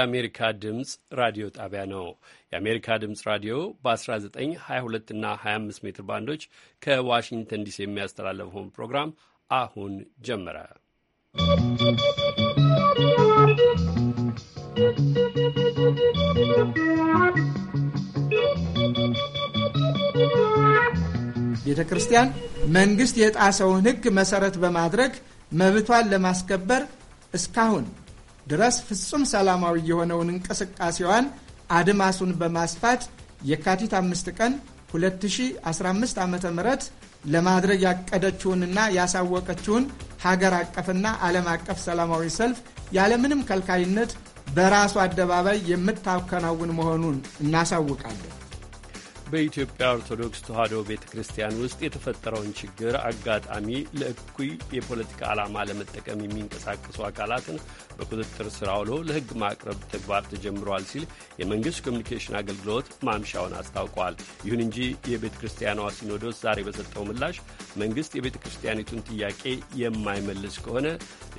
የአሜሪካ ድምፅ ራዲዮ ጣቢያ ነው። የአሜሪካ ድምፅ ራዲዮ በ1922 እና 25 ሜትር ባንዶች ከዋሽንግተን ዲሲ የሚያስተላለፈውን ፕሮግራም አሁን ጀመረ። ቤተ ክርስቲያን መንግሥት የጣሰውን ሕግ መሠረት በማድረግ መብቷን ለማስከበር እስካሁን ድረስ ፍጹም ሰላማዊ የሆነውን እንቅስቃሴዋን አድማሱን በማስፋት የካቲት አምስት ቀን 2015 ዓ ም ለማድረግ ያቀደችውንና ያሳወቀችውን ሀገር አቀፍና ዓለም አቀፍ ሰላማዊ ሰልፍ ያለምንም ከልካይነት በራሱ አደባባይ የምታከናውን መሆኑን እናሳውቃለን። በኢትዮጵያ ኦርቶዶክስ ተዋሕዶ ቤተ ክርስቲያን ውስጥ የተፈጠረውን ችግር አጋጣሚ ለእኩይ የፖለቲካ ዓላማ ለመጠቀም የሚንቀሳቀሱ አካላትን በቁጥጥር ስር አውሎ ለሕግ ማቅረብ ተግባር ተጀምሯል ሲል የመንግሥት ኮሚኒኬሽን አገልግሎት ማምሻውን አስታውቋል። ይሁን እንጂ የቤተ ክርስቲያኗ ሲኖዶስ ዛሬ በሰጠው ምላሽ መንግሥት የቤተ ክርስቲያኒቱን ጥያቄ የማይመልስ ከሆነ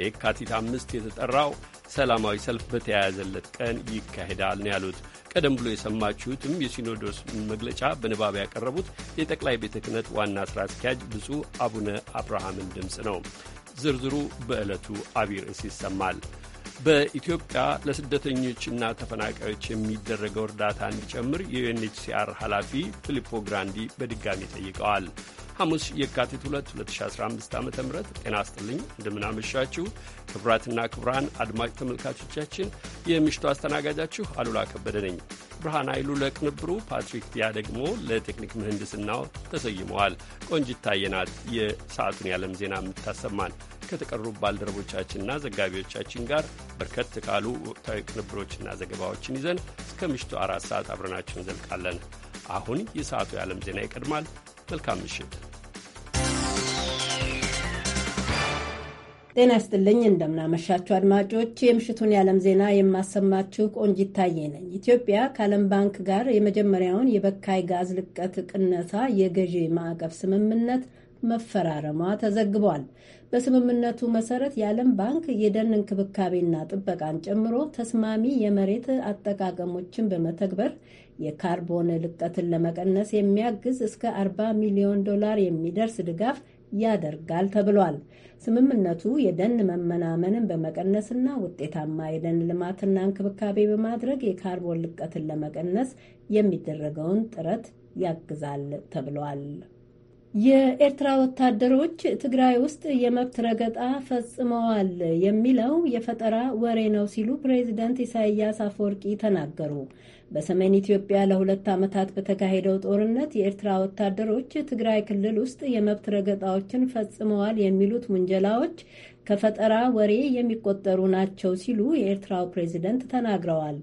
የካቲት አምስት የተጠራው ሰላማዊ ሰልፍ በተያያዘለት ቀን ይካሄዳል ነው ያሉት። ቀደም ብሎ የሰማችሁትም የሲኖዶስ መግለጫ በንባብ ያቀረቡት የጠቅላይ ቤተ ክህነት ዋና ሥራ አስኪያጅ ብፁዕ አቡነ አብርሃምን ድምፅ ነው። ዝርዝሩ በዕለቱ አቢይ ርዕስ ይሰማል። በኢትዮጵያ ለስደተኞችና ተፈናቃዮች የሚደረገው እርዳታ እንዲጨምር የዩኤንኤችሲአር ኃላፊ ፊሊፖ ግራንዲ በድጋሚ ጠይቀዋል። ሐሙስ የካቲት 2 2015 ዓ ም ጤና ስጥልኝ፣ እንደምናመሻችሁ ክቡራትና ክቡራን አድማጭ ተመልካቾቻችን፣ የምሽቱ አስተናጋጃችሁ አሉላ ከበደ ነኝ። ብርሃን ኃይሉ ለቅንብሩ፣ ፓትሪክ ቲያ ደግሞ ለቴክኒክ ምህንድስናው ተሰይመዋል። ቆንጅት ታየናት የሰዓቱን የዓለም ዜና የምታሰማን ከተቀሩ ባልደረቦቻችንና ዘጋቢዎቻችን ጋር በርከት ካሉ ወቅታዊ ቅንብሮችና ዘገባዎችን ይዘን እስከ ምሽቱ አራት ሰዓት አብረናችሁ እንዘልቃለን። አሁን የሰዓቱ የዓለም ዜና ይቀድማል። መልካም ምሽት። ጤና ይስጥልኝ እንደምናመሻችሁ አድማጮች፣ የምሽቱን የዓለም ዜና የማሰማችሁ ቆንጅ ይታየ ነኝ። ኢትዮጵያ ከዓለም ባንክ ጋር የመጀመሪያውን የበካይ ጋዝ ልቀት ቅነሳ የገዢ ማዕቀፍ ስምምነት መፈራረሟ ተዘግቧል። በስምምነቱ መሰረት የዓለም ባንክ የደን እንክብካቤና ጥበቃን ጨምሮ ተስማሚ የመሬት አጠቃቀሞችን በመተግበር የካርቦን ልቀትን ለመቀነስ የሚያግዝ እስከ 40 ሚሊዮን ዶላር የሚደርስ ድጋፍ ያደርጋል ተብሏል። ስምምነቱ የደን መመናመንን በመቀነስና ውጤታማ የደን ልማትና እንክብካቤ በማድረግ የካርቦን ልቀትን ለመቀነስ የሚደረገውን ጥረት ያግዛል ተብሏል። የኤርትራ ወታደሮች ትግራይ ውስጥ የመብት ረገጣ ፈጽመዋል የሚለው የፈጠራ ወሬ ነው ሲሉ ፕሬዚደንት ኢሳያስ አፈወርቂ ተናገሩ። በሰሜን ኢትዮጵያ ለሁለት ዓመታት በተካሄደው ጦርነት የኤርትራ ወታደሮች ትግራይ ክልል ውስጥ የመብት ረገጣዎችን ፈጽመዋል የሚሉት ውንጀላዎች ከፈጠራ ወሬ የሚቆጠሩ ናቸው ሲሉ የኤርትራው ፕሬዝደንት ተናግረዋል።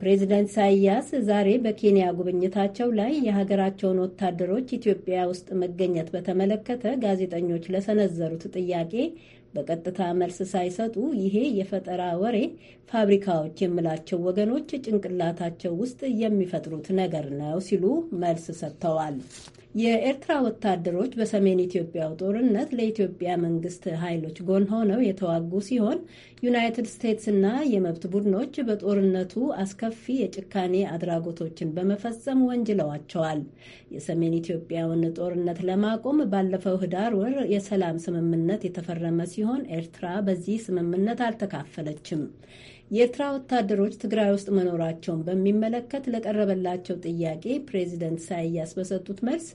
ፕሬዚደንት ኢሳያስ ዛሬ በኬንያ ጉብኝታቸው ላይ የሀገራቸውን ወታደሮች ኢትዮጵያ ውስጥ መገኘት በተመለከተ ጋዜጠኞች ለሰነዘሩት ጥያቄ በቀጥታ መልስ ሳይሰጡ ይሄ የፈጠራ ወሬ ፋብሪካዎች የምላቸው ወገኖች ጭንቅላታቸው ውስጥ የሚፈጥሩት ነገር ነው ሲሉ መልስ ሰጥተዋል። የኤርትራ ወታደሮች በሰሜን ኢትዮጵያው ጦርነት ለኢትዮጵያ መንግስት ኃይሎች ጎን ሆነው የተዋጉ ሲሆን ዩናይትድ ስቴትስና የመብት ቡድኖች በጦርነቱ አስከፊ የጭካኔ አድራጎቶችን በመፈጸም ወንጅለዋቸዋል። የሰሜን ኢትዮጵያውን ጦርነት ለማቆም ባለፈው ህዳር ወር የሰላም ስምምነት የተፈረመ ሲሆን ኤርትራ በዚህ ስምምነት አልተካፈለችም። የኤርትራ ወታደሮች ትግራይ ውስጥ መኖራቸውን በሚመለከት ለቀረበላቸው ጥያቄ ፕሬዚደንት ኢሳያስ በሰጡት መልስ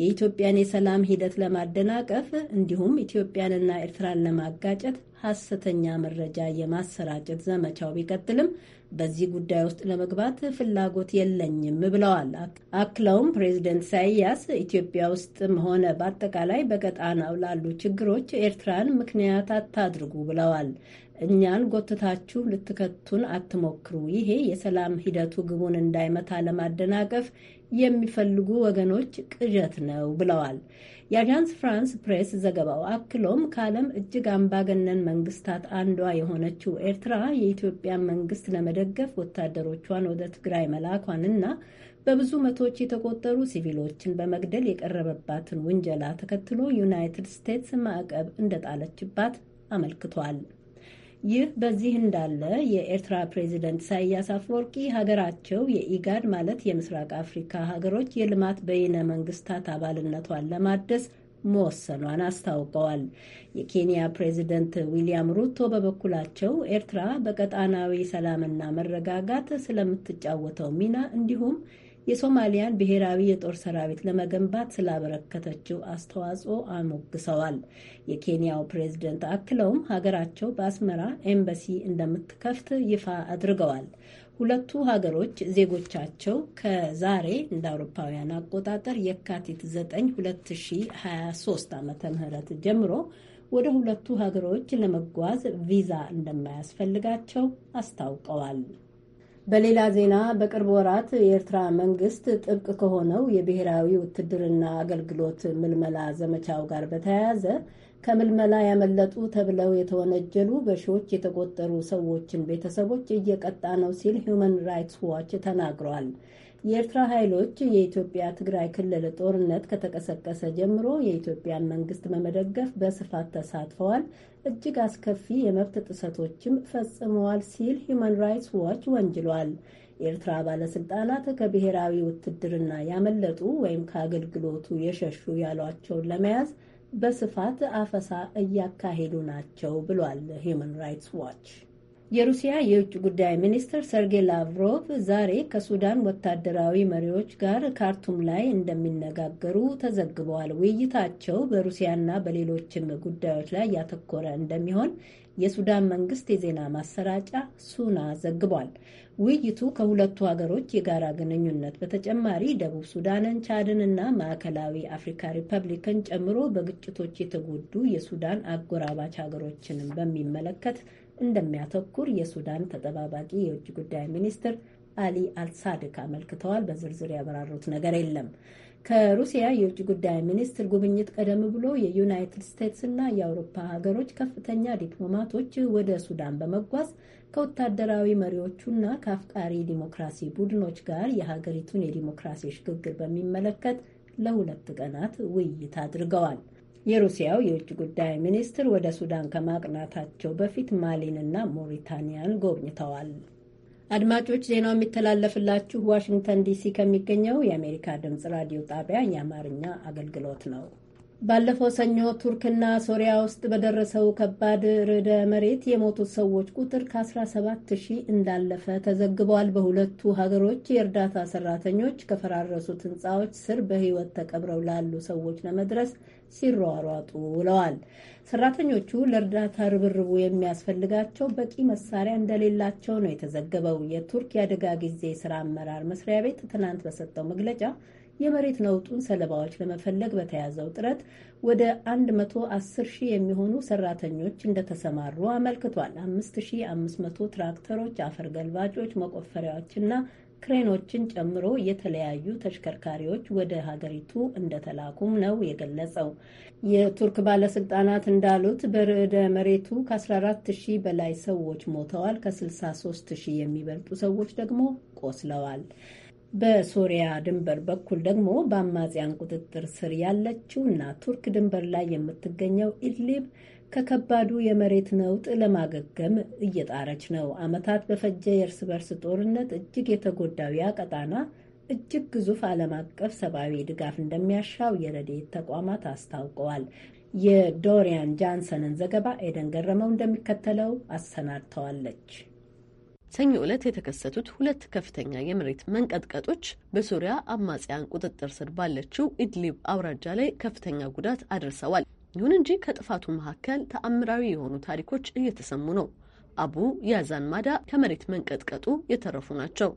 የኢትዮጵያን የሰላም ሂደት ለማደናቀፍ እንዲሁም ኢትዮጵያንና ኤርትራን ለማጋጨት ሐሰተኛ መረጃ የማሰራጨት ዘመቻው ቢቀጥልም በዚህ ጉዳይ ውስጥ ለመግባት ፍላጎት የለኝም ብለዋል። አክለውም ፕሬዚደንት ኢሳያስ ኢትዮጵያ ውስጥም ሆነ በአጠቃላይ በቀጣናው ላሉ ችግሮች ኤርትራን ምክንያት አታድርጉ ብለዋል። እኛን ጎትታችሁ ልትከቱን አትሞክሩ። ይሄ የሰላም ሂደቱ ግቡን እንዳይመታ ለማደናቀፍ የሚፈልጉ ወገኖች ቅዠት ነው ብለዋል። የአዣንስ ፍራንስ ፕሬስ ዘገባው አክሎም ከዓለም እጅግ አምባገነን መንግስታት አንዷ የሆነችው ኤርትራ የኢትዮጵያን መንግስት ለመደገፍ ወታደሮቿን ወደ ትግራይ መላኳንና በብዙ መቶዎች የተቆጠሩ ሲቪሎችን በመግደል የቀረበባትን ውንጀላ ተከትሎ ዩናይትድ ስቴትስ ማዕቀብ እንደጣለችባት አመልክቷል። ይህ በዚህ እንዳለ የኤርትራ ፕሬዚደንት ኢሳያስ አፈወርቂ ሀገራቸው የኢጋድ ማለት የምስራቅ አፍሪካ ሀገሮች የልማት በይነ መንግስታት አባልነቷን ለማደስ መወሰኗን አስታውቀዋል። የኬንያ ፕሬዚደንት ዊሊያም ሩቶ በበኩላቸው ኤርትራ በቀጣናዊ ሰላምና መረጋጋት ስለምትጫወተው ሚና እንዲሁም የሶማሊያን ብሔራዊ የጦር ሰራዊት ለመገንባት ስላበረከተችው አስተዋጽኦ አሞግሰዋል። የኬንያው ፕሬዝደንት አክለውም ሀገራቸው በአስመራ ኤምባሲ እንደምትከፍት ይፋ አድርገዋል። ሁለቱ ሀገሮች ዜጎቻቸው ከዛሬ እንደ አውሮፓውያን አቆጣጠር የካቲት 9 2023 ዓ ም ጀምሮ ወደ ሁለቱ ሀገሮች ለመጓዝ ቪዛ እንደማያስፈልጋቸው አስታውቀዋል። በሌላ ዜና በቅርብ ወራት የኤርትራ መንግስት ጥብቅ ከሆነው የብሔራዊ ውትድርና አገልግሎት ምልመላ ዘመቻው ጋር በተያያዘ ከምልመላ ያመለጡ ተብለው የተወነጀሉ በሺዎች የተቆጠሩ ሰዎችን ቤተሰቦች እየቀጣ ነው ሲል ሂውማን ራይትስ ዋች ተናግሯል። የኤርትራ ኃይሎች የኢትዮጵያ ትግራይ ክልል ጦርነት ከተቀሰቀሰ ጀምሮ የኢትዮጵያን መንግስት በመደገፍ በስፋት ተሳትፈዋል፣ እጅግ አስከፊ የመብት ጥሰቶችም ፈጽመዋል ሲል ሂዩማን ራይትስ ዋች ወንጅሏል። የኤርትራ ባለስልጣናት ከብሔራዊ ውትድርና ያመለጡ ወይም ከአገልግሎቱ የሸሹ ያሏቸውን ለመያዝ በስፋት አፈሳ እያካሄዱ ናቸው ብሏል ሂዩማን ራይትስ ዋች። የሩሲያ የውጭ ጉዳይ ሚኒስትር ሰርጌይ ላቭሮቭ ዛሬ ከሱዳን ወታደራዊ መሪዎች ጋር ካርቱም ላይ እንደሚነጋገሩ ተዘግበዋል። ውይይታቸው በሩሲያና በሌሎችም ጉዳዮች ላይ ያተኮረ እንደሚሆን የሱዳን መንግስት የዜና ማሰራጫ ሱና ዘግቧል። ውይይቱ ከሁለቱ ሀገሮች የጋራ ግንኙነት በተጨማሪ ደቡብ ሱዳንን፣ ቻድን እና ማዕከላዊ አፍሪካ ሪፐብሊክን ጨምሮ በግጭቶች የተጎዱ የሱዳን አጎራባች ሀገሮችንም በሚመለከት እንደሚያተኩር የሱዳን ተጠባባቂ የውጭ ጉዳይ ሚኒስትር አሊ አልሳድክ አመልክተዋል። በዝርዝር ያብራሩት ነገር የለም። ከሩሲያ የውጭ ጉዳይ ሚኒስትር ጉብኝት ቀደም ብሎ የዩናይትድ ስቴትስ እና የአውሮፓ ሀገሮች ከፍተኛ ዲፕሎማቶች ወደ ሱዳን በመጓዝ ከወታደራዊ መሪዎቹና ከአፍቃሪ ዲሞክራሲ ቡድኖች ጋር የሀገሪቱን የዲሞክራሲ ሽግግር በሚመለከት ለሁለት ቀናት ውይይት አድርገዋል። የሩሲያው የውጭ ጉዳይ ሚኒስትር ወደ ሱዳን ከማቅናታቸው በፊት ማሊንና ሞሪታኒያን ጎብኝተዋል። አድማጮች ዜናው የሚተላለፍላችሁ ዋሽንግተን ዲሲ ከሚገኘው የአሜሪካ ድምጽ ራዲዮ ጣቢያ የአማርኛ አገልግሎት ነው። ባለፈው ሰኞ ቱርክና ሶሪያ ውስጥ በደረሰው ከባድ ርዕደ መሬት የሞቱት ሰዎች ቁጥር ከ17 ሺህ እንዳለፈ ተዘግበዋል። በሁለቱ ሀገሮች የእርዳታ ሰራተኞች ከፈራረሱት ሕንፃዎች ስር በሕይወት ተቀብረው ላሉ ሰዎች ለመድረስ ሲሯሯጡ ውለዋል። ሰራተኞቹ ለእርዳታ ርብርቡ የሚያስፈልጋቸው በቂ መሳሪያ እንደሌላቸው ነው የተዘገበው። የቱርክ የአደጋ ጊዜ ስራ አመራር መስሪያ ቤት ትናንት በሰጠው መግለጫ የመሬት ነውጡን ሰለባዎች ለመፈለግ በተያዘው ጥረት ወደ 110 ሺህ የሚሆኑ ሰራተኞች እንደተሰማሩ አመልክቷል። 5500 ትራክተሮች፣ አፈር ገልባጮች፣ መቆፈሪያዎችና ክሬኖችን ጨምሮ የተለያዩ ተሽከርካሪዎች ወደ ሀገሪቱ እንደተላኩም ነው የገለጸው። የቱርክ ባለስልጣናት እንዳሉት በርዕደ መሬቱ ከ14 ሺህ በላይ ሰዎች ሞተዋል፣ ከ63 ሺህ የሚበልጡ ሰዎች ደግሞ ቆስለዋል። በሶሪያ ድንበር በኩል ደግሞ በአማጽያን ቁጥጥር ስር ያለችው እና ቱርክ ድንበር ላይ የምትገኘው ኢድሊብ ከከባዱ የመሬት ነውጥ ለማገገም እየጣረች ነው። ዓመታት በፈጀ የእርስ በርስ ጦርነት እጅግ የተጎዳው ያ ቀጣና እጅግ ግዙፍ ዓለም አቀፍ ሰብአዊ ድጋፍ እንደሚያሻው የረድኤት ተቋማት አስታውቀዋል። የዶሪያን ጃንሰንን ዘገባ ኤደን ገረመው እንደሚከተለው አሰናድተዋለች። ሰኞ ዕለት የተከሰቱት ሁለት ከፍተኛ የመሬት መንቀጥቀጦች በሶሪያ አማጽያን ቁጥጥር ስር ባለችው ኢድሊብ አውራጃ ላይ ከፍተኛ ጉዳት አድርሰዋል። ይሁን እንጂ ከጥፋቱ መካከል ተአምራዊ የሆኑ ታሪኮች እየተሰሙ ነው። አቡ ያዛን ማዳ ከመሬት መንቀጥቀጡ የተረፉ ናቸው።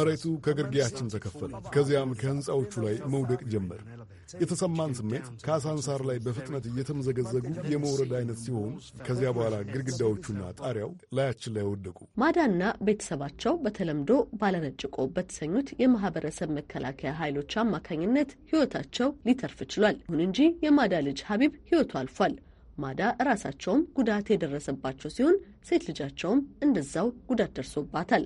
መሬቱ ከግርጌያችን ተከፈለ። ከዚያም ከህንፃዎቹ ላይ መውደቅ ጀመር። የተሰማን ስሜት ከአሳንሳር ላይ በፍጥነት እየተምዘገዘጉ የመውረድ አይነት ሲሆን ከዚያ በኋላ ግድግዳዎቹና ጣሪያው ላያችን ላይ ወደቁ። ማዳና ቤተሰባቸው በተለምዶ ባለነጭ ቆ በተሰኙት የማህበረሰብ መከላከያ ኃይሎች አማካኝነት ህይወታቸው ሊተርፍ ችሏል። ይሁን እንጂ የማዳ ልጅ ሀቢብ ሕይወቱ አልፏል። ማዳ እራሳቸውም ጉዳት የደረሰባቸው ሲሆን ሴት ልጃቸውም እንደዛው ጉዳት ደርሶባታል።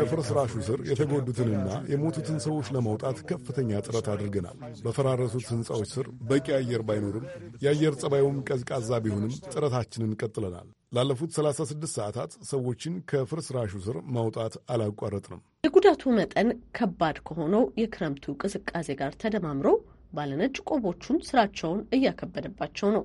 ከፍርስራሹ ስር የተጎዱትንና የሞቱትን ሰዎች ለማውጣት ከፍተኛ ጥረት አድርገናል። በፈራረሱት ሕንፃዎች ስር በቂ አየር ባይኖርም የአየር ጸባዩም ቀዝቃዛ ቢሆንም ጥረታችንን ቀጥለናል። ላለፉት 36 ሰዓታት ሰዎችን ከፍርስራሹ ስር ማውጣት አላቋረጥንም። የጉዳቱ መጠን ከባድ ከሆነው የክረምቱ ቅዝቃዜ ጋር ተደማምሮ ባለነጭ ቆቦቹን ስራቸውን እያከበደባቸው ነው።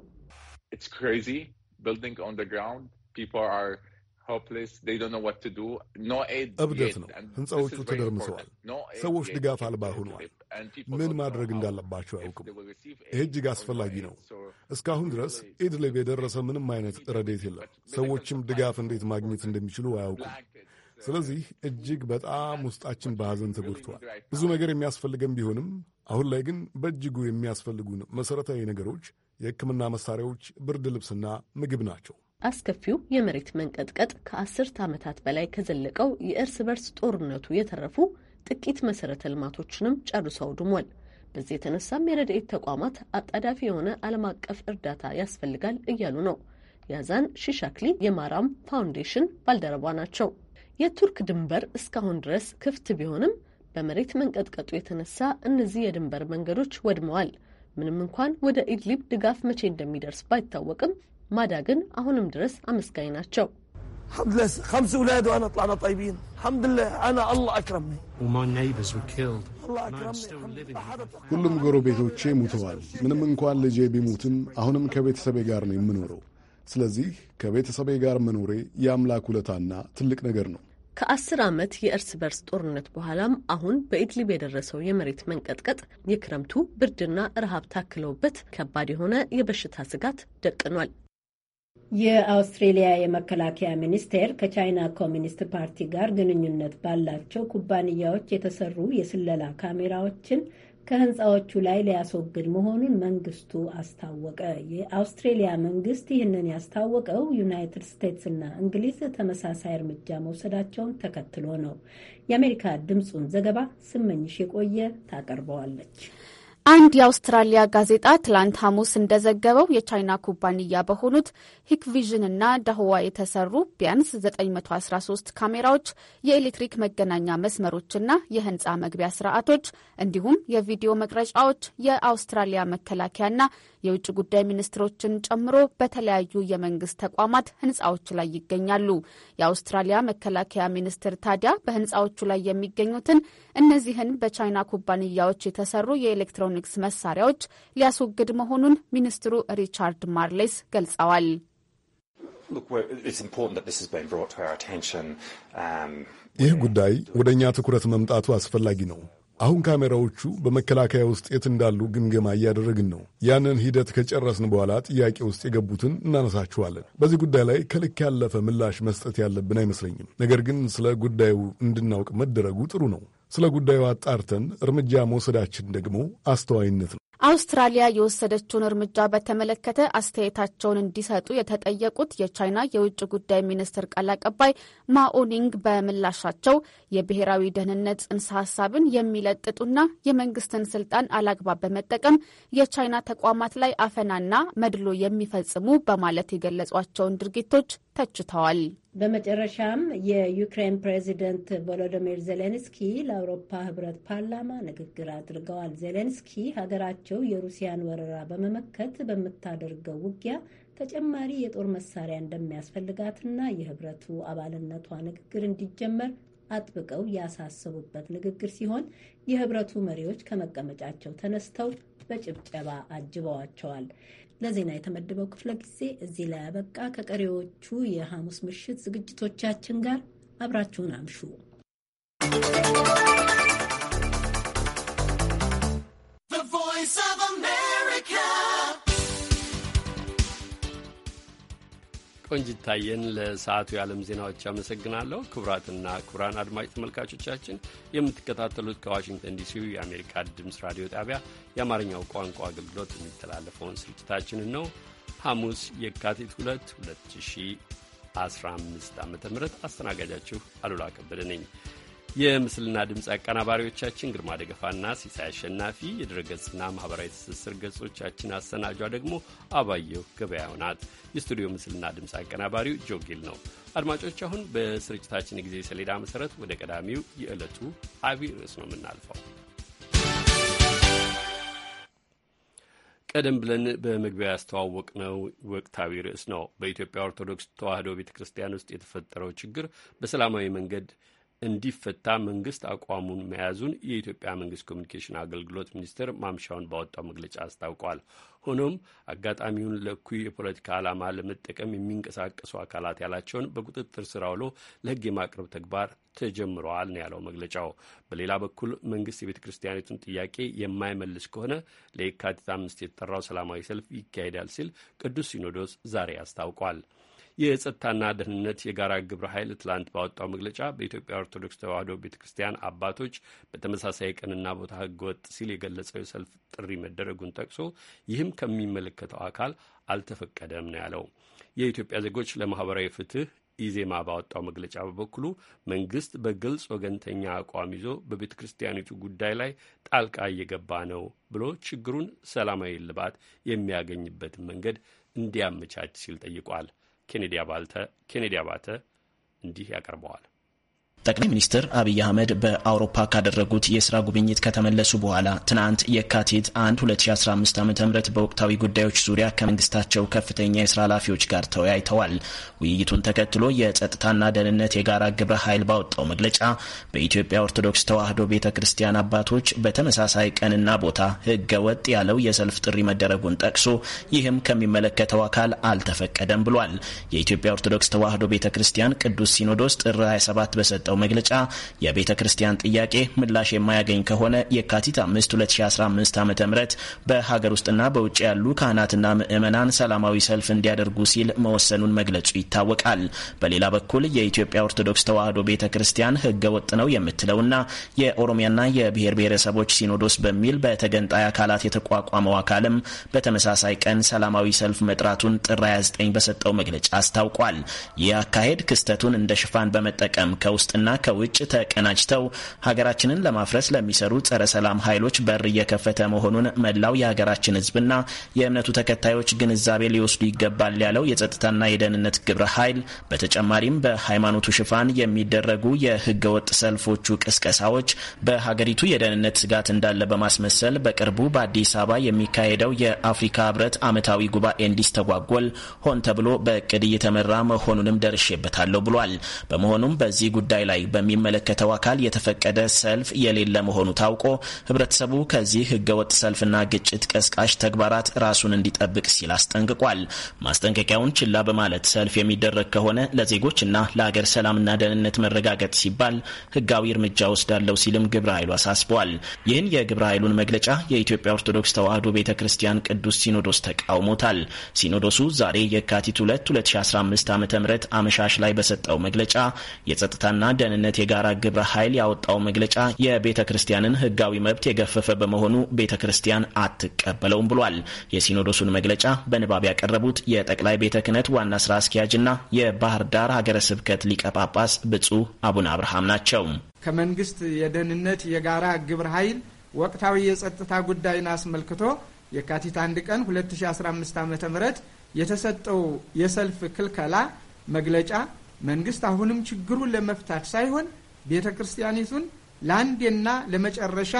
እብደት ነው። ህንፃዎቹ ተደርምሰዋል። ሰዎች ድጋፍ አልባ ሆነዋል። ምን ማድረግ እንዳለባቸው አያውቅም። ይህ እጅግ አስፈላጊ ነው። እስካሁን ድረስ ኢድሊብ የደረሰ ምንም አይነት ረዴት የለም። ሰዎችም ድጋፍ እንዴት ማግኘት እንደሚችሉ አያውቁም። ስለዚህ እጅግ በጣም ውስጣችን በሐዘን ተጎድቷል። ብዙ ነገር የሚያስፈልገን ቢሆንም አሁን ላይ ግን በእጅጉ የሚያስፈልጉን መሠረታዊ ነገሮች የሕክምና መሳሪያዎች፣ ብርድ ልብስና ምግብ ናቸው። አስከፊው የመሬት መንቀጥቀጥ ከአስርት ዓመታት በላይ ከዘለቀው የእርስ በርስ ጦርነቱ የተረፉ ጥቂት መሠረተ ልማቶችንም ጨርሶ አውድሟል። በዚህ የተነሳም የረድኤት ተቋማት አጣዳፊ የሆነ ዓለም አቀፍ እርዳታ ያስፈልጋል እያሉ ነው። ያዛን ሺሻክሊ የማራም ፋውንዴሽን ባልደረባ ናቸው። የቱርክ ድንበር እስካሁን ድረስ ክፍት ቢሆንም በመሬት መንቀጥቀጡ የተነሳ እነዚህ የድንበር መንገዶች ወድመዋል። ምንም እንኳን ወደ ኢድሊብ ድጋፍ መቼ እንደሚደርስ ባይታወቅም ማዳ ግን አሁንም ድረስ አመስጋኝ ናቸው። ሁሉም ጎረቤቶቼ ሙተዋል። ምንም እንኳን ልጄ ቢሞትም አሁንም ከቤተሰቤ ጋር ነው የምኖረው። ስለዚህ ከቤተሰቤ ጋር መኖሬ የአምላክ ውለታና ትልቅ ነገር ነው። ከአስር ዓመት የእርስ በርስ ጦርነት በኋላም አሁን በኢድሊብ የደረሰው የመሬት መንቀጥቀጥ የክረምቱ ብርድና ረሃብ ታክለውበት ከባድ የሆነ የበሽታ ስጋት ደቅኗል። የአውስትሬሊያ የመከላከያ ሚኒስቴር ከቻይና ኮሚኒስት ፓርቲ ጋር ግንኙነት ባላቸው ኩባንያዎች የተሰሩ የስለላ ካሜራዎችን ከህንፃዎቹ ላይ ሊያስወግድ መሆኑን መንግስቱ አስታወቀ። የአውስትሬሊያ መንግስት ይህንን ያስታወቀው ዩናይትድ ስቴትስና እንግሊዝ ተመሳሳይ እርምጃ መውሰዳቸውን ተከትሎ ነው። የአሜሪካ ድምፁን ዘገባ ስመኝሽ የቆየ ታቀርበዋለች። አንድ የአውስትራሊያ ጋዜጣ ትላንት ሐሙስ እንደዘገበው የቻይና ኩባንያ በሆኑት ሂክቪዥን እና ዳህዋ የተሰሩ ቢያንስ 913 ካሜራዎች፣ የኤሌክትሪክ መገናኛ መስመሮችና የህንፃ መግቢያ ስርዓቶች እንዲሁም የቪዲዮ መቅረጫዎች የአውስትራሊያ መከላከያና የውጭ ጉዳይ ሚኒስትሮችን ጨምሮ በተለያዩ የመንግስት ተቋማት ህንፃዎች ላይ ይገኛሉ። የአውስትራሊያ መከላከያ ሚኒስትር ታዲያ በህንፃዎቹ ላይ የሚገኙትን እነዚህን በቻይና ኩባንያዎች የተሰሩ የኤሌክትሮኒክስ መሳሪያዎች ሊያስወግድ መሆኑን ሚኒስትሩ ሪቻርድ ማርሌስ ገልጸዋል። um, ይህ ጉዳይ ወደ እኛ ትኩረት መምጣቱ አስፈላጊ ነው። አሁን ካሜራዎቹ በመከላከያ ውስጥ የት እንዳሉ ግምገማ እያደረግን ነው። ያንን ሂደት ከጨረስን በኋላ ጥያቄ ውስጥ የገቡትን እናነሳችኋለን። በዚህ ጉዳይ ላይ ከልክ ያለፈ ምላሽ መስጠት ያለብን አይመስለኝም። ነገር ግን ስለ ጉዳዩ እንድናውቅ መደረጉ ጥሩ ነው። ስለ ጉዳዩ አጣርተን እርምጃ መውሰዳችን ደግሞ አስተዋይነት ነው። አውስትራሊያ የወሰደችውን እርምጃ በተመለከተ አስተያየታቸውን እንዲሰጡ የተጠየቁት የቻይና የውጭ ጉዳይ ሚኒስትር ቃል አቀባይ ማኦኒንግ በምላሻቸው የብሔራዊ ደህንነት ጽንሰ ሀሳብን የሚለጥጡና የመንግስትን ስልጣን አላግባብ በመጠቀም የቻይና ተቋማት ላይ አፈናና መድሎ የሚፈጽሙ በማለት የገለጿቸውን ድርጊቶች ተችተዋል። በመጨረሻም የዩክሬን ፕሬዚደንት ቮሎዶሚር ዜሌንስኪ ለአውሮፓ ህብረት ፓርላማ ንግግር አድርገዋል። ዜሌንስኪ ሀገራቸው የሩሲያን ወረራ በመመከት በምታደርገው ውጊያ ተጨማሪ የጦር መሳሪያ እንደሚያስፈልጋትና የህብረቱ አባልነቷ ንግግር እንዲጀመር አጥብቀው ያሳሰቡበት ንግግር ሲሆን የህብረቱ መሪዎች ከመቀመጫቸው ተነስተው በጭብጨባ አጅበዋቸዋል። ለዜና የተመደበው ክፍለ ጊዜ እዚህ ላይ አበቃ። ከቀሪዎቹ የሐሙስ ምሽት ዝግጅቶቻችን ጋር አብራችሁን አምሹ። ቆንጅታየን ለሰዓቱ የዓለም ዜናዎች አመሰግናለሁ። ክቡራትና ክቡራን አድማጭ ተመልካቾቻችን የምትከታተሉት ከዋሽንግተን ዲሲው የአሜሪካ ድምፅ ራዲዮ ጣቢያ የአማርኛው ቋንቋ አገልግሎት የሚተላለፈውን ስርጭታችንን ነው። ሐሙስ የካቲት 2 2015 ዓ ም አስተናጋጃችሁ አሉላ ከበደ ነኝ። የምስልና ድምፅ አቀናባሪዎቻችን ግርማ ደገፋና ሲሳይ አሸናፊ፣ የድረገጽና ማኅበራዊ ትስስር ገጾቻችን አሰናጇ ደግሞ አባየሁ ገበያው ናት። የስቱዲዮ ምስልና ድምፅ አቀናባሪው ጆጊል ነው። አድማጮች፣ አሁን በስርጭታችን የጊዜ ሰሌዳ መሠረት ወደ ቀዳሚው የዕለቱ አቢይ ርዕስ ነው የምናልፈው። ቀደም ብለን በመግቢያ ያስተዋወቅነው ወቅታዊ ርዕስ ነው። በኢትዮጵያ ኦርቶዶክስ ተዋሕዶ ቤተ ክርስቲያን ውስጥ የተፈጠረው ችግር በሰላማዊ መንገድ እንዲፈታ መንግስት አቋሙን መያዙን የኢትዮጵያ መንግስት ኮሚኒኬሽን አገልግሎት ሚኒስቴር ማምሻውን ባወጣው መግለጫ አስታውቋል። ሆኖም አጋጣሚውን ለእኩይ የፖለቲካ ዓላማ ለመጠቀም የሚንቀሳቀሱ አካላት ያላቸውን በቁጥጥር ስር አውሎ ለህግ የማቅረብ ተግባር ተጀምረዋል ነው ያለው መግለጫው። በሌላ በኩል መንግስት የቤተ ክርስቲያኒቱን ጥያቄ የማይመልስ ከሆነ ለየካቲት አምስት የተጠራው ሰላማዊ ሰልፍ ይካሄዳል ሲል ቅዱስ ሲኖዶስ ዛሬ አስታውቋል። የጸጥታና ደህንነት የጋራ ግብረ ኃይል ትላንት ባወጣው መግለጫ በኢትዮጵያ ኦርቶዶክስ ተዋሕዶ ቤተ ክርስቲያን አባቶች በተመሳሳይ ቀንና ቦታ ህገወጥ ሲል የገለጸው የሰልፍ ጥሪ መደረጉን ጠቅሶ ይህም ከሚመለከተው አካል አልተፈቀደም ነው ያለው። የኢትዮጵያ ዜጎች ለማህበራዊ ፍትህ ኢዜማ ባወጣው መግለጫ በበኩሉ መንግስት በግልጽ ወገንተኛ አቋም ይዞ በቤተ ክርስቲያኒቱ ጉዳይ ላይ ጣልቃ እየገባ ነው ብሎ ችግሩን ሰላማዊ እልባት የሚያገኝበትን መንገድ እንዲያመቻች ሲል ጠይቋል። ኬኔዲ አባተ እንዲህ ያቀርበዋል። ጠቅላይ ሚኒስትር አብይ አህመድ በአውሮፓ ካደረጉት የስራ ጉብኝት ከተመለሱ በኋላ ትናንት የካቲት 1 2015 ዓ ም በወቅታዊ ጉዳዮች ዙሪያ ከመንግስታቸው ከፍተኛ የስራ ኃላፊዎች ጋር ተወያይተዋል። ውይይቱን ተከትሎ የጸጥታና ደህንነት የጋራ ግብረ ኃይል ባወጣው መግለጫ በኢትዮጵያ ኦርቶዶክስ ተዋሕዶ ቤተ ክርስቲያን አባቶች በተመሳሳይ ቀንና ቦታ ህገ ወጥ ያለው የሰልፍ ጥሪ መደረጉን ጠቅሶ ይህም ከሚመለከተው አካል አልተፈቀደም ብሏል። የኢትዮጵያ ኦርቶዶክስ ተዋሕዶ ቤተ ክርስቲያን ቅዱስ ሲኖዶስ ጥር 27 በሰጠው መግለጫ የቤተ ክርስቲያን ጥያቄ ምላሽ የማያገኝ ከሆነ የካቲት 5 2015 ዓ ም በሀገር ውስጥና በውጭ ያሉ ካህናትና ምዕመናን ሰላማዊ ሰልፍ እንዲያደርጉ ሲል መወሰኑን መግለጹ ይታወቃል። በሌላ በኩል የኢትዮጵያ ኦርቶዶክስ ተዋሕዶ ቤተ ክርስቲያን ህገ ወጥ ነው የምትለውና የኦሮሚያና የብሔር ብሔረሰቦች ሲኖዶስ በሚል በተገንጣይ አካላት የተቋቋመው አካልም በተመሳሳይ ቀን ሰላማዊ ሰልፍ መጥራቱን ጥር 29 በሰጠው መግለጫ አስታውቋል። ይህ አካሄድ ክስተቱን እንደ ሽፋን በመጠቀም ከውስጥና ከውስጥና ከውጭ ተቀናጅተው ሀገራችንን ለማፍረስ ለሚሰሩ ጸረ ሰላም ኃይሎች በር እየከፈተ መሆኑን መላው የሀገራችን ህዝብና የእምነቱ ተከታዮች ግንዛቤ ሊወስዱ ይገባል ያለው የጸጥታና የደህንነት ግብረ ኃይል በተጨማሪም በሃይማኖቱ ሽፋን የሚደረጉ የህገወጥ ሰልፎቹ ቅስቀሳዎች በሀገሪቱ የደህንነት ስጋት እንዳለ በማስመሰል በቅርቡ በአዲስ አበባ የሚካሄደው የአፍሪካ ህብረት ዓመታዊ ጉባኤ እንዲስተጓጎል ሆን ተብሎ በእቅድ እየተመራ መሆኑንም ደርሼበታለሁ ብሏል። በመሆኑም በዚህ ጉዳይ ላይ በሚመለከተው አካል የተፈቀደ ሰልፍ የሌለ መሆኑ ታውቆ ህብረተሰቡ ከዚህ ህገወጥ ሰልፍና ግጭት ቀስቃሽ ተግባራት ራሱን እንዲጠብቅ ሲል አስጠንቅቋል። ማስጠንቀቂያውን ችላ በማለት ሰልፍ የሚደረግ ከሆነ ለዜጎችና ለአገር ሰላምና ደህንነት መረጋገጥ ሲባል ህጋዊ እርምጃ ወስዳለው ሲልም ግብረ ኃይሉ አሳስቧል። ይህን የግብረ ኃይሉን መግለጫ የኢትዮጵያ ኦርቶዶክስ ተዋሕዶ ቤተ ክርስቲያን ቅዱስ ሲኖዶስ ተቃውሞታል። ሲኖዶሱ ዛሬ የካቲት 2 2015 ዓ ም አመሻሽ ላይ በሰጠው መግለጫ የጸጥታና ደህንነት የጋራ ግብረ ኃይል ያወጣው መግለጫ የቤተ ክርስቲያንን ህጋዊ መብት የገፈፈ በመሆኑ ቤተ ክርስቲያን አትቀበለውም ብሏል። የሲኖዶሱን መግለጫ በንባብ ያቀረቡት የጠቅላይ ቤተ ክህነት ዋና ስራ አስኪያጅና የባህር ዳር ሀገረ ስብከት ሊቀ ጳጳስ ብፁዕ አቡነ አብርሃም ናቸው። ከመንግስት የደህንነት የጋራ ግብረ ኃይል ወቅታዊ የጸጥታ ጉዳይን አስመልክቶ የካቲት 1 ቀን 2015 ዓ.ም የተሰጠው የሰልፍ ክልከላ መግለጫ መንግስት አሁንም ችግሩን ለመፍታት ሳይሆን ቤተ ክርስቲያኒቱን ለአንዴና ለመጨረሻ